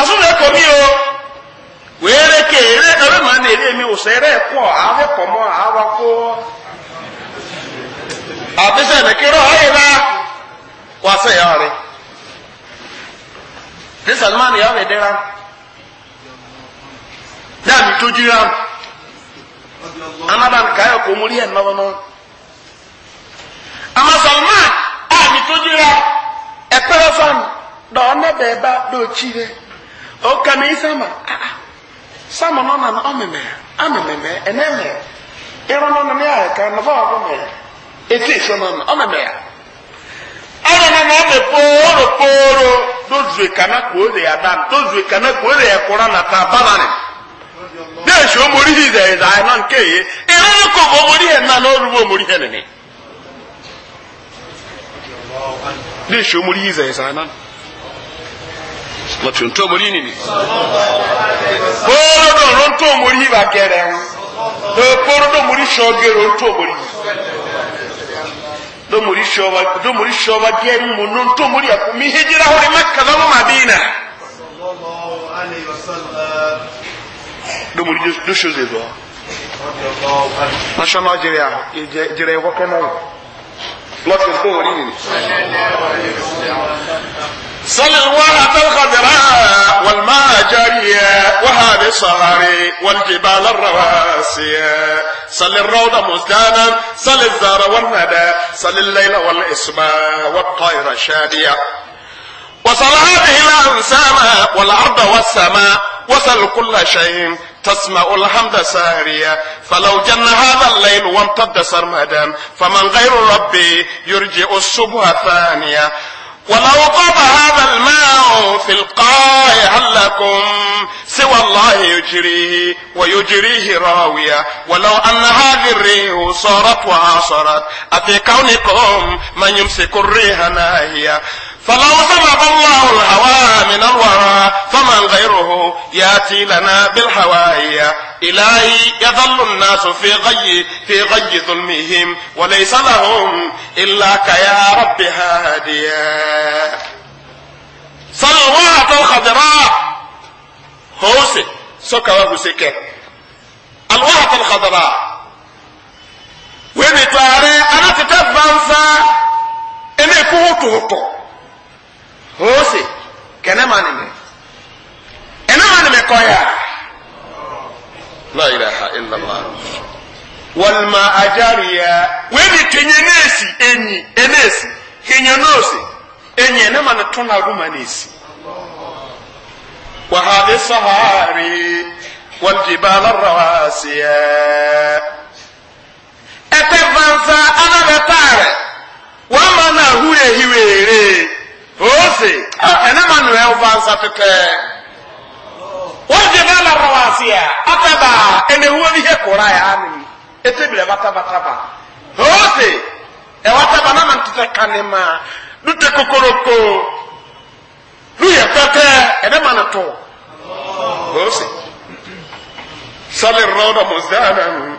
asɔfɛ kɔmi o wéere ke ere ɛrɛ ma na ere mi wosɛ ɛrɛ kɔ awɛ kɔmɔ awa kó abisɛ nìkiri ɔyɛ la wasɛ yɔri ɛwusalman yɔri dira dáàbì tó jí ra. anada nkae kò mórí ẹ̀ nọ́wọ́ náà àmọ́ a mi tó jìra ẹ̀pẹ́rẹ́ fún dọ̀ọ́ nẹ́bẹ̀ ẹ̀ bá dọ̀ọ́kì rẹ̀ ó kà mí sàmà sàmà náà eme. ọ̀mẹ̀mẹ̀ àmẹ̀mẹ̀ ẹ̀nẹ́mẹ̀ irun náà nà ní àyẹ̀ká nàfà ọ̀mẹ̀mẹ̀ etí ìṣọ́ náà nà ọ̀mẹ̀mẹ̀ dee si omori hi dɛ da ayi nan ke ye ere ko bo omori hɛ nan n'olu bo omori hɛ nene dee si omori hi dɛ da ayi nan lọtun tó omori nini kóró dùn ló ń tó omori hi bá gẹrẹ ń kóró dùn omori sọ gẹrẹ ó ń tó omori domori sɔba domori sɔba diɛ mu nontó mori ɛkú mi hejira hori ma kaba ma bi na. do muri do shoze zo masha Allah jere aho jere ko kana lot is go ri صل الورى الخضراء والماء جارية وهذه الصهر والجبال الرواسية صل الروض مزدانا صل الزار والندى صل الليل والإسماء والطير شادية وصل هذه الأنسام والأرض والسماء وصل كل شيء تسمع الحمد سهريا فلو جن هذا الليل وامتد سرمدا فمن غير ربي يرجع الشبه ثانية ولو طاب هذا الماء في القاع لكم سوى الله يجريه ويجريه راوية ولو أن هذه الريح صارت وعاصرت أفي كونكم من يمسك الريح ناهية فلو سبب الله الهوى من الورى فمن غيره ياتي لنا بالحوايا إلهي يظل الناس في غي في غي ظلمهم وليس لهم إلا يا رب هاديا صلوات الخضراء هوسي سكا وهوسيك الوهة الخضراء تاري أنا تتفانسا إني كوتو hoose kene ma nime ene ma nime koya la ilaha illallah wal ma ajariya webi tenye nesi enyi enesi hinye nose enyi ene ma ne tona ruma nesi wa hadi sahari wal jibala rawasiya ete vansa ana betare wa mana huye hiwere ose ah. ɛne e ah. e ma no ɛwofa nsa pepɛɛ wɔgye ba la rawase a ata baa ɛnɛwuo bi yɛ kora ɛ anem ɛtɛbirɛ batabataba ose ɛwataba na ma ntetɛ ka ne ma dutɛ kokoroko nu yɛ pɛtɛ ɛne ma no to oh. ose sale rawda muzdanan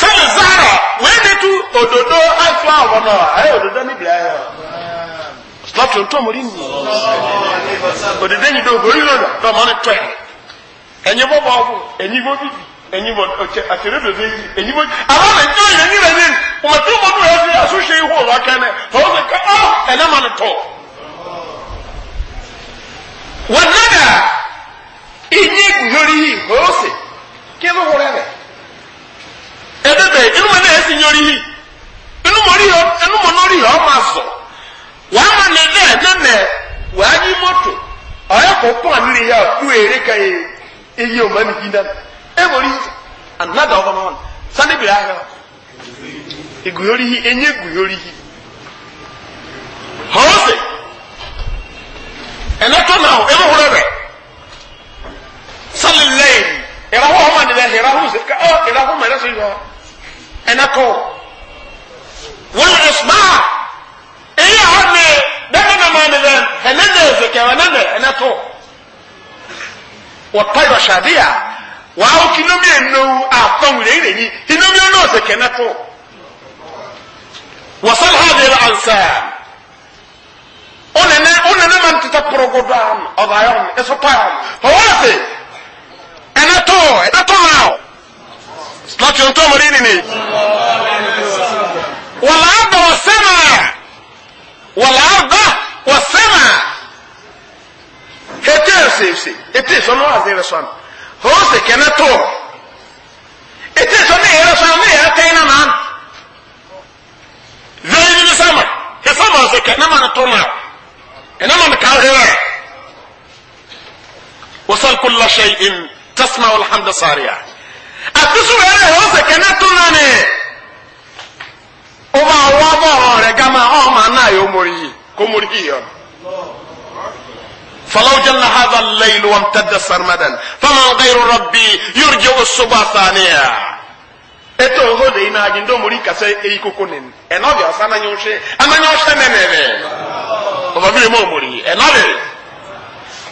sẹ́lẹ̀ sáárà wẹ́ẹ́ ní tú òdòdó àìsàn àwọn náà ayé òdòdó níbi ayé ọ. láti ọ̀tọ́ mo rí nìyí. òdòdó yìí dògbò orí lòdà lọ́mọ ní tọ́ ẹ̀. ẹ̀yin bọ́ bọ́ ọ̀bù ẹ̀yin bọ́ bíbí ẹ̀yin bọ́ ọ̀kẹ́ àtẹ̀rẹ́ bèbè yìí ẹ̀yin bọ́. àwọn ẹ̀jẹ̀ yẹn ní rẹ̀ ní wọ́n tún mọ́ tó yẹ fi àṣùṣe ihò ọ̀rọ̀ kẹ́nẹ̀ wọ́n náà ìyí ìgbìyànjú yìí kò ó sì kí ló wọlé rẹ̀ ebebe inú na esi nyori hi inú mo rí yọ inú mo lórí yọ ọmọ azọ wàá ma nà ẹdẹ ẹnẹnẹ wàá yí mọtò ọyọ kò pọ ka yẹ eyi ọmọ mi yí dán ẹ wọlé anada ọba mọ sani bìrẹ ahẹ eguyori hi enye eguyori hi họọsẹ ẹnẹtọ náà ẹ bọ wọlé rẹ sálẹ lẹyìn ìràwọ ọmọ nílẹ ìràwọ ìràwọ mẹrẹ sọ yìí lọ. ɛnɛkɔ wɔn ɛsba eyi a wɔn ne dɛmɛ na maa ne dɛm ɛnɛ ne ezeke ɛnɛ ne ɛnɛkɔ wɔtɔ yɔhyade a wɔawo kinomi enowu a fɔnwere yi n'enyi kinomi eno ezeke ɛnɛkɔ wɔsɛn ha de la ansa ɔnene ɔnene ma ntete porogodo ano ɔba ayɔ ne ɛsopɔ ayɔ ne ɔwɔ ɛfɛ ɛnɛtɔ ɛnɛtɔ naa lọ́tí ohun tó mọ̀rí nìní. wàlá àbá wà sẹ́mà wàlá àbá wà sẹ́mà. ètè èsèsè ètè ìsọnù wà dé rẹsọ àná hóòsè kẹ́nẹ́ tó ètè ìsọnù èyẹ rẹsọ àná èyẹ tẹ́ iná nàá. zẹ́yìn ní sẹ́mà ìsọmọ ọ̀sẹ̀ kẹ́nẹ́ mà ní tó mà ẹ̀nà mà ní ká hẹ́rẹ́. وصل كل شيء تسمع الحمد صاريا àti sùnrù ẹ̀rẹ̀ ẹ̀rọ ṣe kẹ́ nẹ́tùnà ni ó máa wá bọ̀ ọ̀rọ̀ rẹ̀ gama ọ̀ máa náà yóò mórí yìí kó mórí kì í yọ. فلو جل هذا الليل وامتد سرمدا فمن غير ربي يرجع الصبح ثانية اتو هو دي ناجي ندو موري كسي اي كوكونين انا بي اصانا نيوشي انا نيوشي نيوشي وما بي مو موري انا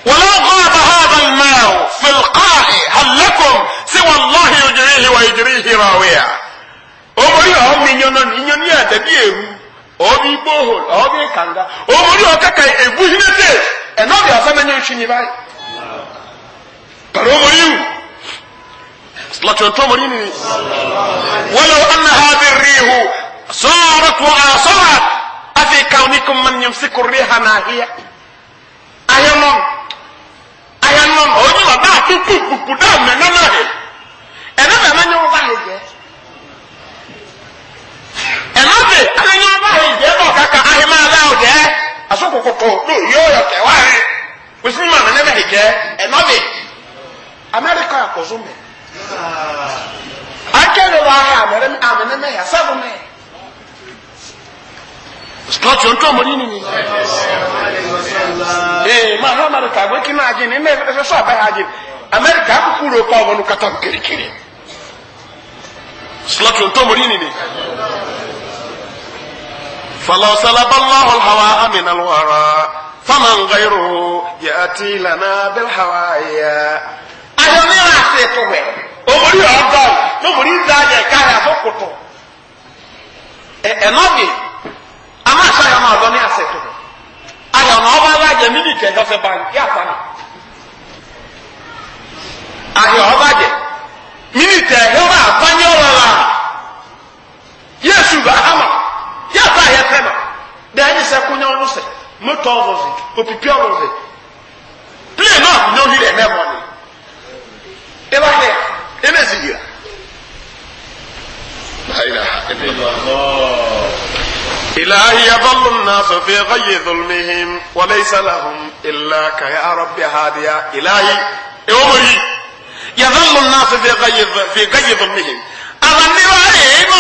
ولو غاب هذا الماء في القاع هل لكم sí wàláhì ojúrí ìlú wa ìjírí ìhìrà wíyà omori ọ̀ mi yọ̀nà ìyọ̀n ní àdàbí ewu ọ̀bí bóhò ọ̀bí kànga omori ọ̀ kàkà ewu hinẹ́tẹ̀ ẹ̀nà ọ̀bí afẹ́mẹ́yẹ ń ṣinyi báyìí pẹ̀lú omori wù lọ́tọ̀ tó omori nìyí wọ́n ọ̀nà ha bí rihu sọ́ọ̀rọ̀ tó àṣọ́ra àfi kàwọ́nìkùn mọ̀nyẹ̀m sí kò rí ha náà híyà ayé mọ́m ayé mọ́m ọ̀ ɛnɛ bɛ ɛmɛ nyɔnba yi jɛ ɛnɛ bɛ ɛmɛ nyɔnba yi jɛ bɔ kaka ahima ala o jɛ aso kokoto do yɔ yɔ tɛ wa yɛ kusi ma ɛnɛ bɛ yi jɛ ɛnɛ bɛ amɛrika akɔso mɛ akɛlɛ wa yɛ amɛrɛ mi amɛnɛ mɛ yɛ sɛbo mɛ sikɔti o ntɔmɔ ni nini ee mahamadu kagbɛ kinu ajin ni ne fɛ sɔ abɛ ajin amɛrika akukuru kɔ ɔmɔ nu kata kirikiri slọ́kì ohun tó mọ̀ rí nìyí. فلو سلب الله الهواء من الورى فمن غيره يأتي لنا بالهوايا أيومي أسيتوه أمري أبدال نمري زاجة كايا فوقتو ẹnọbi ama asayọ náà ọdọ ní asẹtọ ayọ náà ọba alájẹ mímí kẹjọ báyìí yá sáná ayọ ọba jẹ mímí tẹ ẹhẹ wà fani ọlọrọ yesu e ba ama yaba yɛ pɛ ma de ɛyɛ sɛ ko nyɛ ɔno sɛ motɔ ɔvɔvi opipi ɔvɔvi pile ma nyɛ ɔni lɛ mɛmɔ ni eba yɛ ebe si yira إلهي يظل الناس في غي ظلمهم وليس لهم إلا كيا رب هاديا إلهي أمري يظل الناس في غي في غي ظلمهم أغني وعيه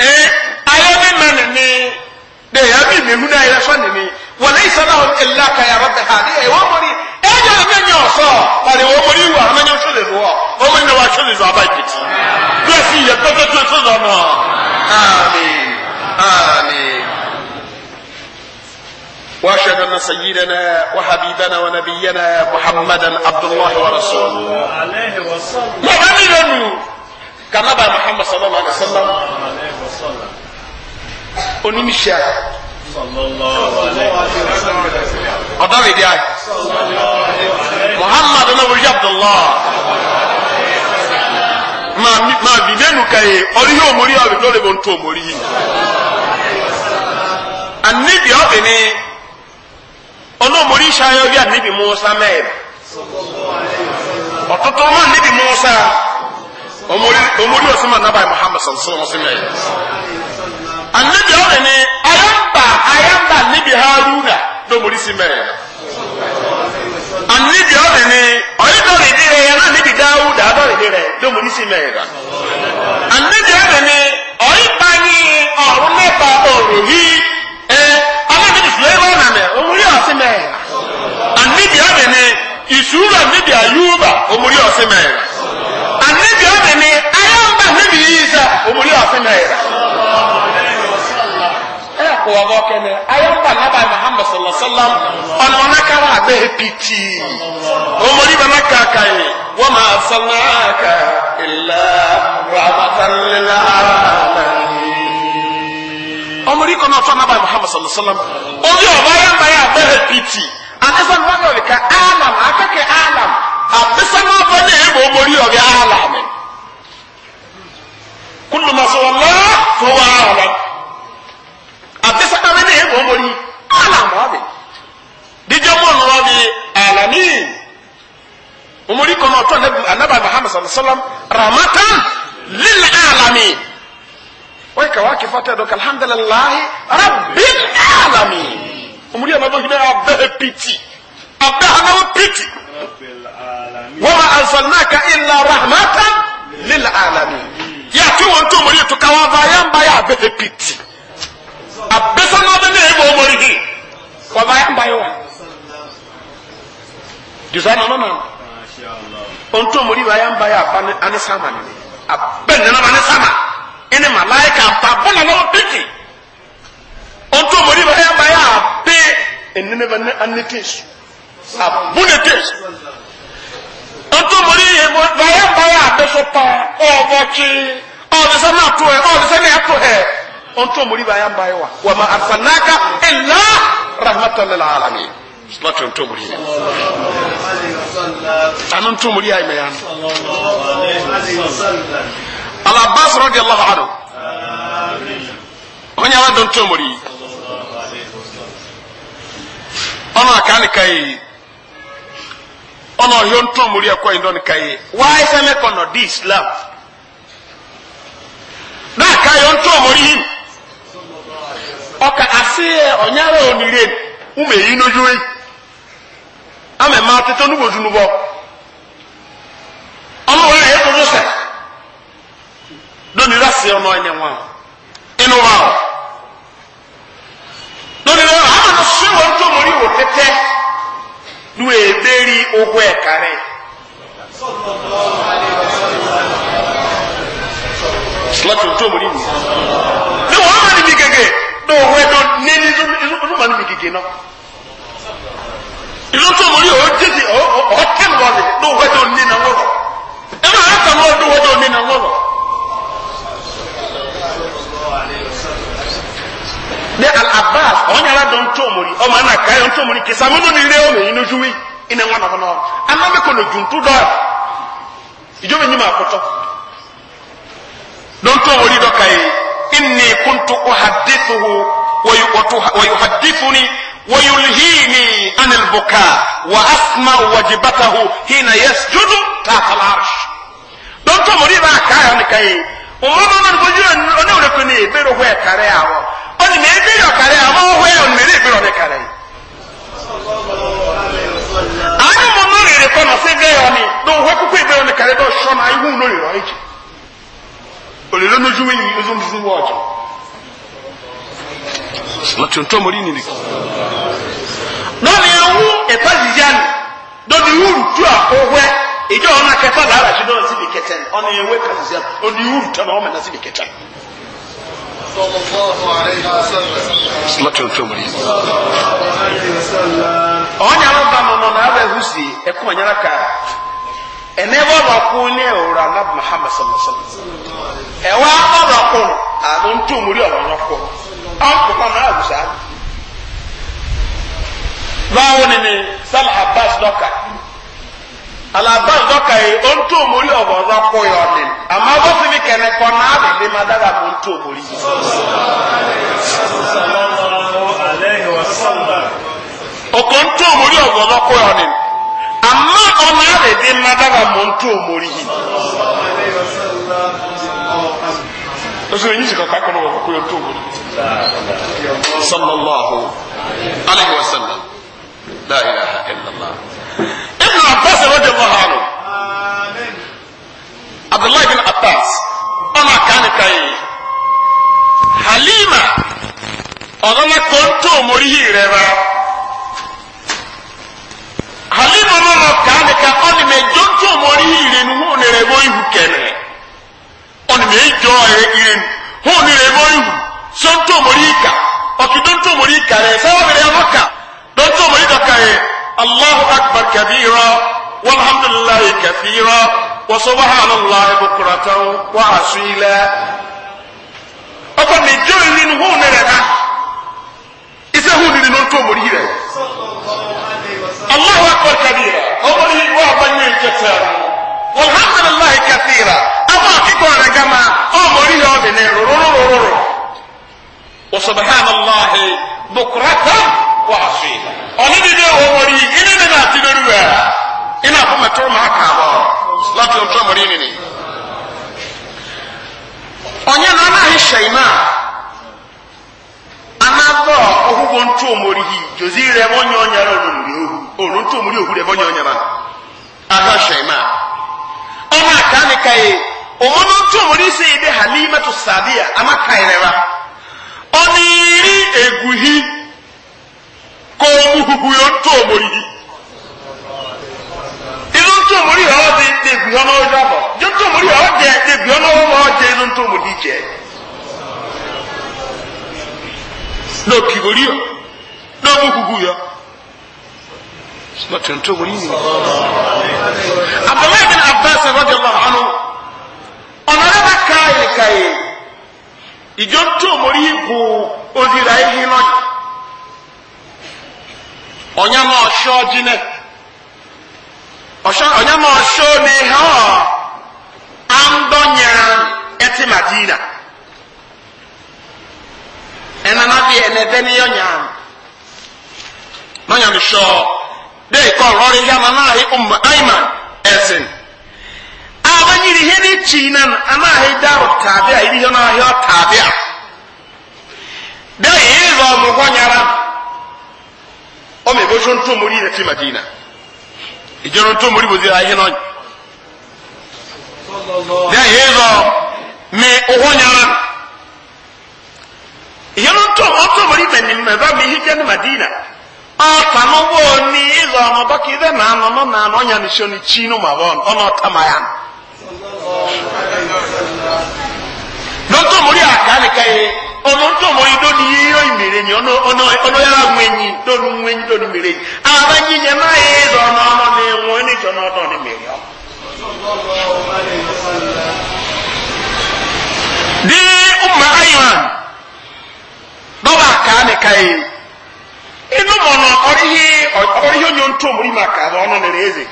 ee eh, ayami manini de yami mihuna ya fanini wala isala on illa ka ya rabbi hadi e wo mori e je me nyo so pare wo mori wa me nyo so le wo o me na wa so le zo abajiti bless you to to to zo no amen amen واشهد ان سيدنا وحبيبنا ونبينا محمدا عبد الله ورسوله عليه وسلم kama ba muhammad sallallahu alaihi wasallam onimisia ọdọri di ayi muhammad ọna wòye abdullah maa bi nenu ka ye ọri yi omori awi tó lebo ntó omori yi anibi ọbi ni ọna omori isa yọ bi anibi musa mẹrin ọtọtọ ọma anibi musa omori osima nabai muhammad sallallahu alaihi wasallam annabi ore ne ayamba ayamba nibi haruna do mori sima ya annabi ore ni oyido re dire ya na nibi dauda do re dire do mori sima ya annabi ore ni oyipani orun meba ore yi eh ama nibi sulaiman na me omori osima ya annabi ore ne isura nibi ayuba omori osima ya omori ọ̀sìn náà yẹra ẹ kò wá bọ́ kẹ́nẹ́ ayọ́pà nábàá muhammed sallasala ọ̀nà ọ̀nà kára abẹ́ pìtì omori bàbá kàkà yìí wọ́n máa sọ́nà kà ilà ramadanlélá omori kọ́nà ọ̀fọ̀ nábàá muhammed sallasala orí ọ̀bá yẹn bá yà abẹ́ pìtì àtẹ́sán wọn yọ̀ alam akẹ́kẹ́ alam àbísọ́nà ọ̀bẹ ní ìbò omori ọ̀gá alam kúlù ma sọ̀rọ̀ lọ́wọ́ fún wa ọ̀rẹ́ àbísàkàwé ni èèwọ̀ mọ́rí àlàmọ́ bẹ̀ díjọ́ mọ́ lọ́wọ́ bí àlàmì omori kọ́nà ọ̀tọ́ anábà muhammed sallam ramatan lil alami wọ́n yìí kàwá kìfà tẹ́ dọ́kà alhamdulilayi rabi alami omori àmọ́ bọ́ọ̀gì náà abẹ́ pìtì abẹ́ anáwó pìtì wọ́n ma ansalnaka illa rahmatan lil alami. ati wọn tó mori etu kawa ba ya mba ya piti abẹsẹ náà bẹ náà omori mba ya wa disa nọ nọ wọn tó mori sama ni sama ẹni malayika afa bọlọ lọ piti wọn tó mori ba ya mba ya abẹ ẹnene ba ni ọ̀dẹ̀sẹ̀ náà tó ẹ̀ ọ̀dẹ̀sẹ̀ náà tó ẹ̀ ọ̀n tó mú ríbà yàn báyìí wa wà má àfànàkà ẹ̀là rahmatulahi alami sọlọ́tì ọ̀n tó mú ríbà. àná tó mú ríbà yàn báyìí. alaba sọ̀rọ̀ di alahu adu. wọ́n yàrá dùn tó mú rí. ọ̀nà àkàlìkà yìí ọ̀nà ọ̀hìn tó mú rí ẹ̀kọ́ yìí dọ́nìkà yìí wáyé sẹ́lẹ̀ kọ̀nà di islam. na káyọ̀ ń tó ọmọrí yìí ọkà àti ọ̀nyára ume yìí lójú rẹ̀ amẹ̀má tètè onúbòdúnúbọ̀ ọmọ orí rẹ̀ tó lọ́sẹ̀ lónìí rásì ọmọ ẹ̀yẹ wọn nwa o lónìí rẹ̀ àwọn ọmọ sí wọn tó ụgwọ ọba tó tó mòrí nìyí ní wọn máa níbi gègé ní òwò ẹdọ ní ní inú máa níbi gègé náà inú o mòrí ọ̀ jẹ́sì ọ̀ tẹ́lu wọn ni ní òwò ẹdọ ní náà wọ̀rọ̀ ẹ máa ń tàn wọn ní òwò ẹdọ ní náà wọ̀rọ̀. ní al-abbas ọ̀nyàrá dọ̀ ń tó mòrí ọmọ anaka ẹ̀ ń tó mòrí kìsàmúnú ni ilé ọmọ yìí ní ojú wí ina ŋwana hɔ nɔɔ anamɛ kɔ na duntu dɔɔ idjɔ bɛ nyima akɔtɔ don to wori do kay inni kuntu uhaddithuhu wa yuhaddithuni ويلهيني عن البكاء واسمع وجبته حين يسجد تحت العرش دونك مريبا كايا نكاي وماما من بجي انا ولكني بيرو هو كاري او اني مي بيرو كاري او ما هو ان مي بيرو ني كاري انا منوري ركنا سيفيوني دو هو كوكو بيرو ني كاري دو شونا يهو نوري رايكي olero n'ojumu enyi ez'omuzimu wakyo matonto omulinire n'oneyawu epazizani tu a owe? ijo ona kefa dara chido zibi keten ona yewe pazizani odiwuru tana ome na zibi keten matonto omulinire onyala ba mama na eku ekumanyala ka ɛnɛbɔ baako ne ɛwura na muhammad sallallahu alaihi e wa sallam ɛwɔ akɔ baako no ano ntomori ɔlɔlɔ kɔ ɔnkɔ kɔ na agusa báwo ni ni sala abbas dɔka alabas dɔka yi ntomori ɔlɔlɔ kɔ mi kɛnɛ kɔ na ma mo amma ọ̀nà rẹ̀ dé mmadara mọ̀ntó omori yìí oṣù yìí ka kọ̀ọ̀ká kọ̀ọ̀nà wọ̀n kúrò tó omori sallallahu alayhi wa sallam la ilaha illallah ibn abbas abdullahi bin abbas ọmọ akánika yìí halima ọ̀nà kọ̀ọ̀ntó omori yìí rẹ̀ rebo ihu kene oni me jo e irin ho ni rebo ihu son to morika o ki don to morika re sa wa re amaka don to morika ka e Allahu akbar kabira walhamdulillah kathira wa subhanallahi bukratan wa asila ọkọ mi jo e irin ho ni re na ise ho ni don to morika re Allahu akbar kabira o ni wa ba ni ketara e alhamdulilahi kasira afọ akịkọ gama ọ mụrụ ihe na rụrụrụrụrụ usubhanallahi bukrata wa asila ọdịdịdị ọwụ mụrụ ihe na atịberu ya ị na-afụ m onye na anaghị shaima anabọ ọhụgwọ ntụ omori hi ire onye ọnyara olumri ohu olu ntụ omori ohu rebe onye ọnyara aha shaima ɔmɔ akaani kae ɔmɔ no tó wɔn ese yi de halimatu sadia ama kae rɛra ɔniiri eguhi kɔɔmu huhu yɛ ntó wɔn yi inú ntó wɔn yi ɔwɔ de de eguhi ɔmɔ ɔdze yi ɔwɔ de ɔmɔ tuntum wuli ni abdullahi bin abbas radi allah anu ọ̀nàdà bá káyè káyè ìjọ tó mọ̀rí bu òzìrà ehi náà ọ̀nyá máa ṣọ́ jinlẹ̀ ọ̀nyá máa ṣọ́ ní hàn ándọ́nyà ẹtì màdínà ẹnana bí ẹnẹdẹ ní yọnyà náà yàn ṣọ́ dee kɔ rɔri yama naahi umma aiman ɛsin aba nyiri he ne kyii nan anaahi daro taabea yiri he naahi ɔtaabea de yiri zɔ ɔmo hɔ nyara ɔmo me so nto mori yɛ ti madina ìjọ no nto mori bo zira ihe nɔnyi dee yiri zɔ me ɔhɔ nyara ìyẹn no nto ɔnto mori mɛ ni mɛ ba mi hi madina ọtanụgbọ ni ịzọ ọnọdọka ibe na anọ nọ na anọ ọnya n'isi onichi inu ma bọọlụ ọ n'ọta ma ya n'otu omori aka alika ihe ọnụ ntụ omori do ni ihe ihe mere ni ọnụ ya nwe enyi do ni nwe enyi do ni mere enyi aba nyi nye na ya ịzọ n'ọnọ na enwe onye ịzọ n'ọdọ ni mere ọ dị ụmụ ayọn dọba aka alika ihe inu na ɔrihi ɔrihi onyon tó omori ma eze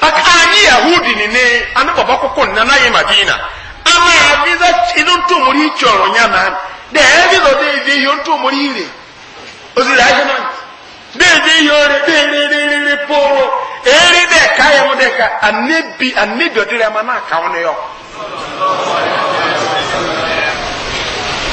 anyi yahudi nini ani bɔbɔ koko nana ye madina ama abiza inu tó omori tsɔrɔ nyana de ebiza de de yon tó na de dị yore de de dị eri dị ka ya anebi anebi na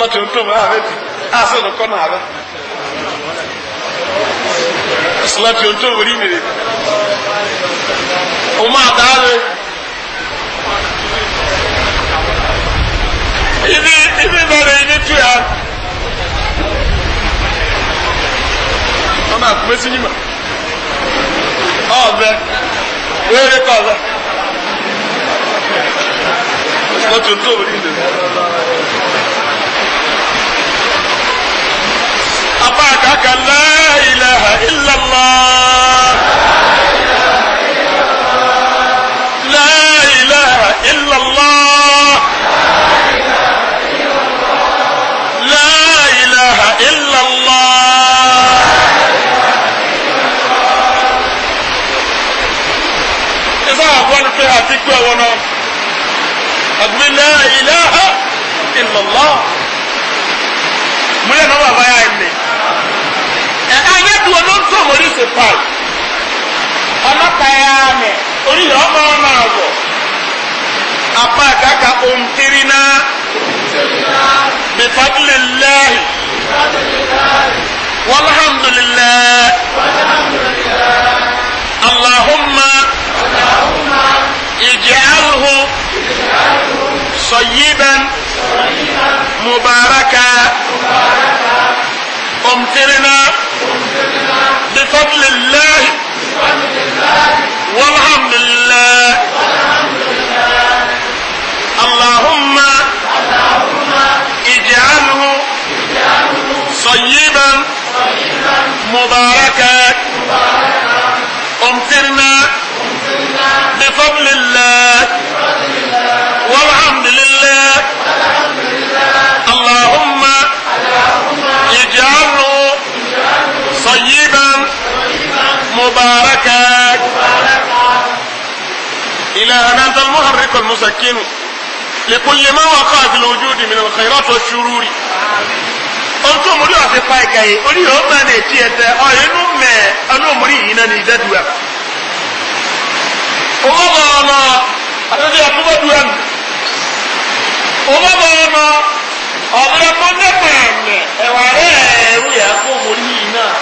láti ohun tó máa rẹ̀ bí àṣẹ ìdọ̀kọ́ náà rẹ̀ láti ohun tó rí mèrè o máa dá rẹ̀ ibi ibi bẹ̀rẹ̀ ibi tú ya ọmọ àkùnbẹ́ sí yìí mọ̀ ọ̀bẹ wẹ́rẹ́ kọ̀ ọ̀bẹ láti ohun tó rí mèrè. أطعتك لا إله إلا الله لا إله إلا الله لا إله إلا الله إذا أقول فيها تكوى ونعم أقول لا إله إلا الله se paa ọlọ́pàá mẹ oníyà ọmọ ọmọ àwọ̀ apá àkàkà òǹtiri náà bifadlilayi walhamdulilayi allahumma ij'alhu sayyiban mubaraka. امطرنا بفضل الله والحمد لله اللهم اجعله صيبا مباركا امطرنا بفضل الله طيبا مباركا إلهنا أنت المحرك المسكن لكل ما وقع في الوجود من الخيرات والشرور ọtún omori ọsẹ pa ẹka yìí orí yóò máa ní etí ẹtẹ ọyọ inú mẹ ọdún omori yìí náà ní ìdádùá ọmọ bọ ọmọ àtẹjọ ọtúbọ dùá mi ọmọ bọ ọmọ ọbẹrẹ kọ nẹpẹ ẹwà rẹ ẹrú yà kó omori yìí náà.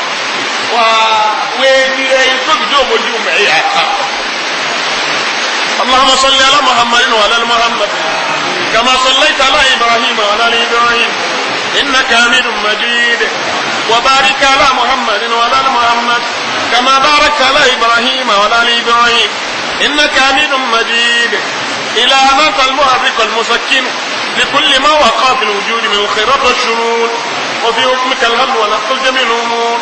وويدي يفقدوا مجوم عيها اللهم صل على محمد وعلى ال محمد كما صليت على ابراهيم وعلى ال ابراهيم انك حميد مجيد وبارك على محمد وعلى ال محمد كما بارك على ابراهيم وعلى ال ابراهيم انك حميد مجيد الى انت المحرك المسكن لكل ما وقع في الوجود من الخيرات والشرور وفي حكمك الهم ونقص جميع الأمور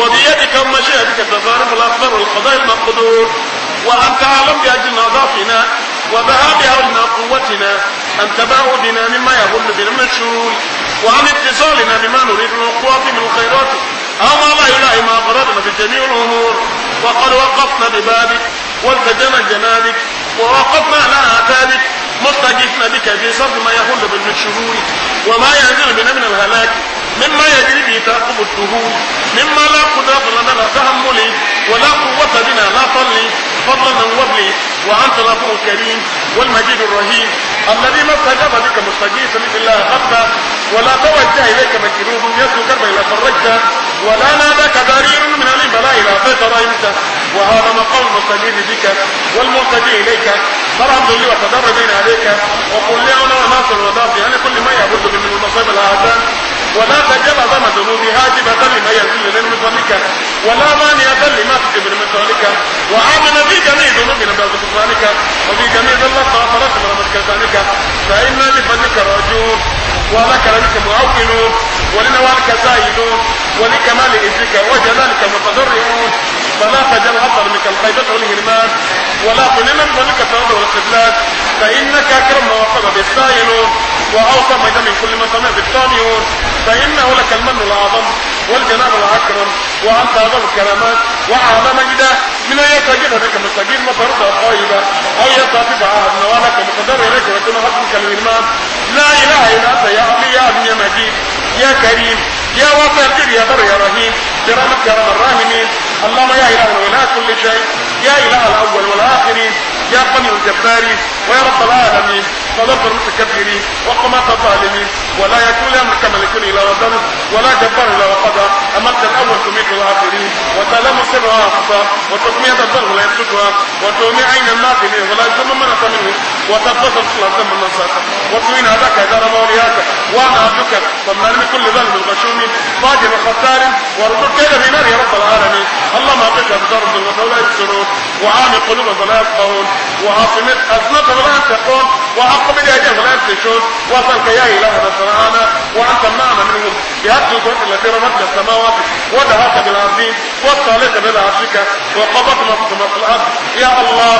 وبيدك ومشيئتك تظهر الأكبر والقضاء المقدور وأنت أعلم بأجل نظافنا وذهاب أولنا قوتنا أن تباعوا بنا مما يهل بنا من الشرور وعن اتصالنا بما نريد من القوات من الخيرات أما لا يلاهي ما أقررنا في جميع الأمور وقد وقفنا ببابك والتجنا جمالك ووقفنا على آتابك مستجفنا بك في صرف ما يهل بنا من بالمشرور وما ينزل بنا من الهلاك مما يجري به تعقب الدهور مما لا قدرة لنا تهمل ولا قوة بنا لا طل فضلا من وأنت الغفور الكريم والمجيد الرحيم الذي ما استجاب بك مستجيب سبيل الله حقا ولا توجه إليك مكروه يسلك إذا فرجت ولا ناداك ضرير من أليم بلاء إلى فيت رأيت وهذا مقام المستجيب بك والمرتدي إليك فالحمد لي وتدرجين عليك وقل لي أنا ناصر ودافع يعني كل ما يعبد من المصائب الأعداء ولا تجعل عظم ذنوبي هاجبة لما ينزل من مثلك ولا مانع لما تجب من مثالك وآمن في جميع ذنوبنا بعد سلطانك وفي جميع الله فغفرت من مسكتانك فإنا لفضلك راجون ولك لك معوقنون ولنوالك زايد ولكمال إذك وجلالك متضرعون فلا تجعل أفضل منك الخيبة والهرمان ولا تنمن ذلك ثواب والاستدلال فإنك أكرم ما وصف به السائلون وأوصف إذا من كل ما سمعت بالثانيون فإنه لك المن الأعظم والجناب الأكرم وأنت أعظم الكرامات وأعلى مجدا من أن يتجد لك مستجيب وترضى طيبة أو يستعطف أحد نوالك مقدر إليك ويكون حسبك الإمام لا إله إلا أنت يا عبد يا عبد يا مجيد يا كريم يا واسع يا در يا رحيم كرامة كرام الراحمين اللهم يا إله الولاء كل شيء يا إله الأول والآخرين يا قوي الجبار ويا رب العالمين ولا ترد كبيرين وقمة ظالمين ولا يكون الأمر كما لكل إلى وزن ولا جبار إلى وقضى أمد الأول تميت الآخرين وتلام سرها أخفى وتطمية الظلم لا يبسطها وتومي عين الناظرين ولا يظلم من أتى منه وتبسط كل الذنب من نصاك وتوين هذاك إذا رمولياك وأنا عبدك فمن من كل ذنب الغشوم فاجر وختار وردك كيد في نار يا رب العالمين اللهم أعطيك أبدار الظلمة ولا يبصرون وعامل قلوب فلا يفقهون وعاصمت أزنة ولا يتقون وعاقل وقبل أجل الآن في شوز وصل كياه له نصرانا وانت معنا منهم بهذه الكرة التي رمتنا السماوات ودهاك بالعبدين والصالحة بالعشكة وقبضنا في الأرض يا الله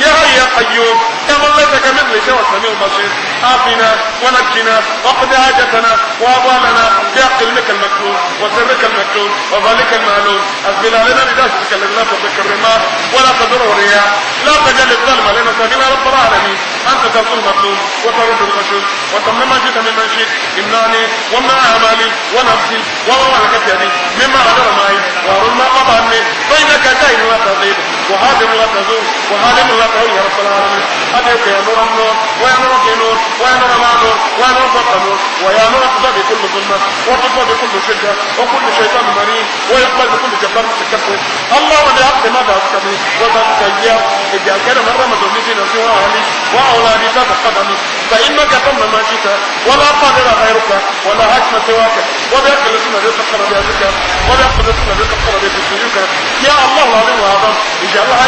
يا غي يا قيوم يا من ليس كمثله شيء والسميع البصير عافنا ونجنا واقض حاجتنا واضالنا بحق المك المكتوب وسرك المكتوب وذلك المعلوم أسبل لنا لذا الذي لا تذكر الرماء ولا تدر الرياح لا تجل الظلم لنا سبيل رب العالمين أنت ترد المطلوب وترد الغشوم وتمنى ما جئت من شئت إمناني ومن أعمالي ونفسي وما ملكت يدي مما غدر معي وأرون ما قضى بينك فإنك دائم لا وهذا وهذا مغتزون وهذا مغتزون يا رب العالمين أبيك يا نور النور ويا نور النور ويا نور مع نور ويا نور فوق نور ويا نور تضع بكل ظلمة وتضع بكل شدة وكل شيطان مريض ويقبل بكل جبار متكبر الله بحق ماذا أفكرني وذلك إياه اجعل كان مرة مدرني في نفسي وأهلي وأولادي تحت قدمي فإنك تم ما شئت ولا قادر غيرك ولا هجم سواك ولا يقبل اسمه ليس قرب يدك ولا يقبل اسمه ليس قرب يدك يا الله العظيم وأعظم اجعلها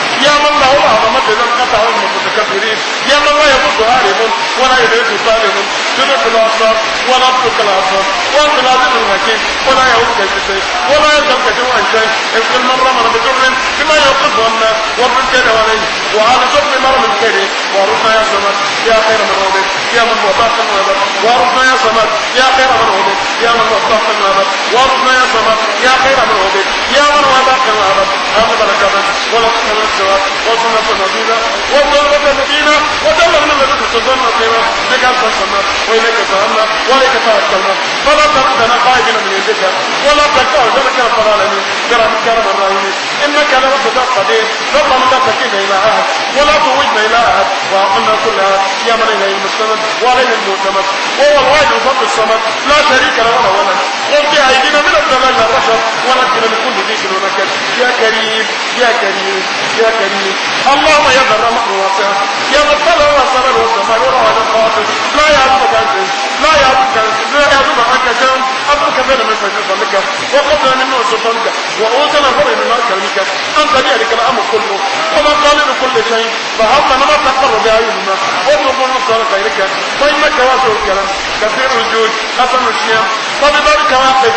يا من له العظمة لم قطعه المتكبرين يا من لا يمد عالم ولا يلد ظالم تدرك الأبصار ولا تدرك الأبصار وأنت العزيز الحكيم ولا يهودك شيء ولا يلزمك جوع شيء إن كل من رمى بجر بما يوقظ عنا ومن كان عليه وعلى جر مرم كريم وارثنا يا سمد يا خير من ربك يا من وفاق النظر وارثنا يا سمد يا خير من ربك يا من وفاق النظر وارثنا يا سمد يا خير من ربك يا من وفاق النظر أمر لك ولا تكن الصراط وصلنا النبينا وضربت نبينا ودلغنا الذين تظن خيرا بك انت الصمد واليك سهلنا واليك توكلنا فلا تردنا خائبنا من يدك ولا تكره ذلك رب العالمين كرم كرم الراهمين انك لرب ذا قدير ربنا لا تكلنا الى احد ولا توجنا الى احد واعطنا كل احد يا من اليه المستند وعلينا المعتمد وهو الواحد الفرد الصمد لا شريك له ولا ولد قل بايدينا من الضلال الرشد ونجنا من كل ذي ونكد يا كريم يا كريم يا كريم اللهم يا ذر الرمح الواسع يا ذا الطلع والزمان والعوال الخاطر لا يعرفك أنت لا يعرفك أنت لا يعرفك عنك شيء أبرك من فجر فمك وقبل من نور سلطانك وأوتنا فرع من نار كريمك أنت بيدك الأمر كله ومن ظالم كل شيء فهبنا ما تقر بأعيننا واطلب النصر غيرك فإنك واسع الكلام كثير الجود حسن الشيم فبذلك واقف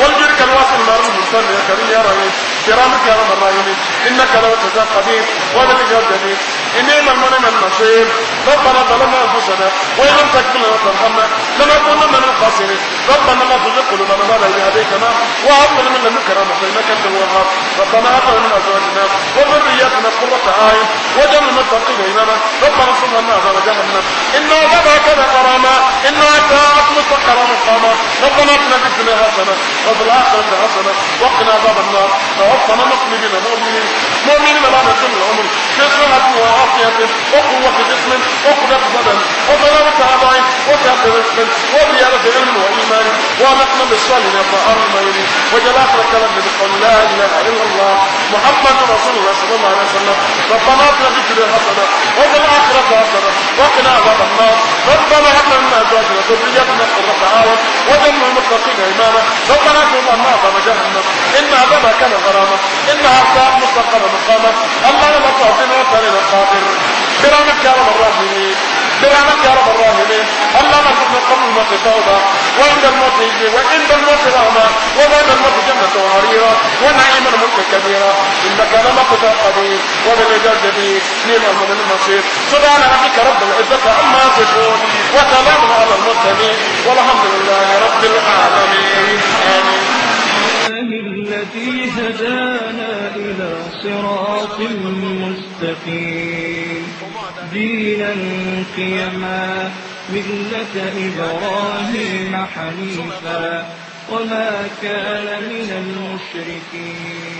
والجرك الواسع المعروف الثاني يا كريم يا رئيس يا رب الرايمين إنك لو تزال قدير ولا تجهل جديد من من النصير ربنا ظلمنا أنفسنا وإن لم تكفلنا لما كنا من الخاسرين ربنا لا تزغ قلوبنا بعد إذ هديتنا وهب لنا من لدنك رحمة إنك أنت الوهاب ربنا هب لنا من أزواجنا وذرياتنا قرة أعين واجعل المتقين إماما ربنا صل لنا عذاب جهنم إن عذابها كان غراما إن ساءت مستقرا مقاما ربنا آتنا في الدنيا حسنة وفي الآخرة حسنة وقنا عذاب النار ọ̀pọ̀ náà mọ̀kùnrin náà mọ̀mìnrin mọ̀mìnrin náà bá dọ̀tún lọ́mùnrin. فطرة وعافية وقوة جسم وقدرة بدن وضربة أضعي وكف رزق وزيادة علم وإيمان ونحن بالصالحين فأرمين وجلاك الكلام بقول لا إله إلا الله محمد رسول الله صلى الله عليه وسلم ربنا أطلق الدنيا حسنة وفي الآخرة حسنة وقنا عذاب النار ربنا هب لنا أزواجنا وذريتنا قرة أعين وجعلنا المتقين إيمانا ربنا كن ما أعظم جهنم إن عذابها كان غراما إنها ساءت مستقرة مقاما اللهم تعطينا المغفر القادر برحمتك يا رب الراحمين برحمتك يا رب الراحمين اللهم كن قبل الموت توبة وعند الموت يجي وعند الموت رحمة وبعد الموت جنة وعريرة ونعيما ملكا كبيرا إنك لما قضى قدير وبالإجاز جديد نعم المؤمن المصير سبحان ربك رب العزة عما يصفون وسلام على المرسلين والحمد لله رب العالمين آمين التي هدانا إلى صراط مستقيم مستقيم دينا قيما ملة إبراهيم حنيفا وما كان من المشركين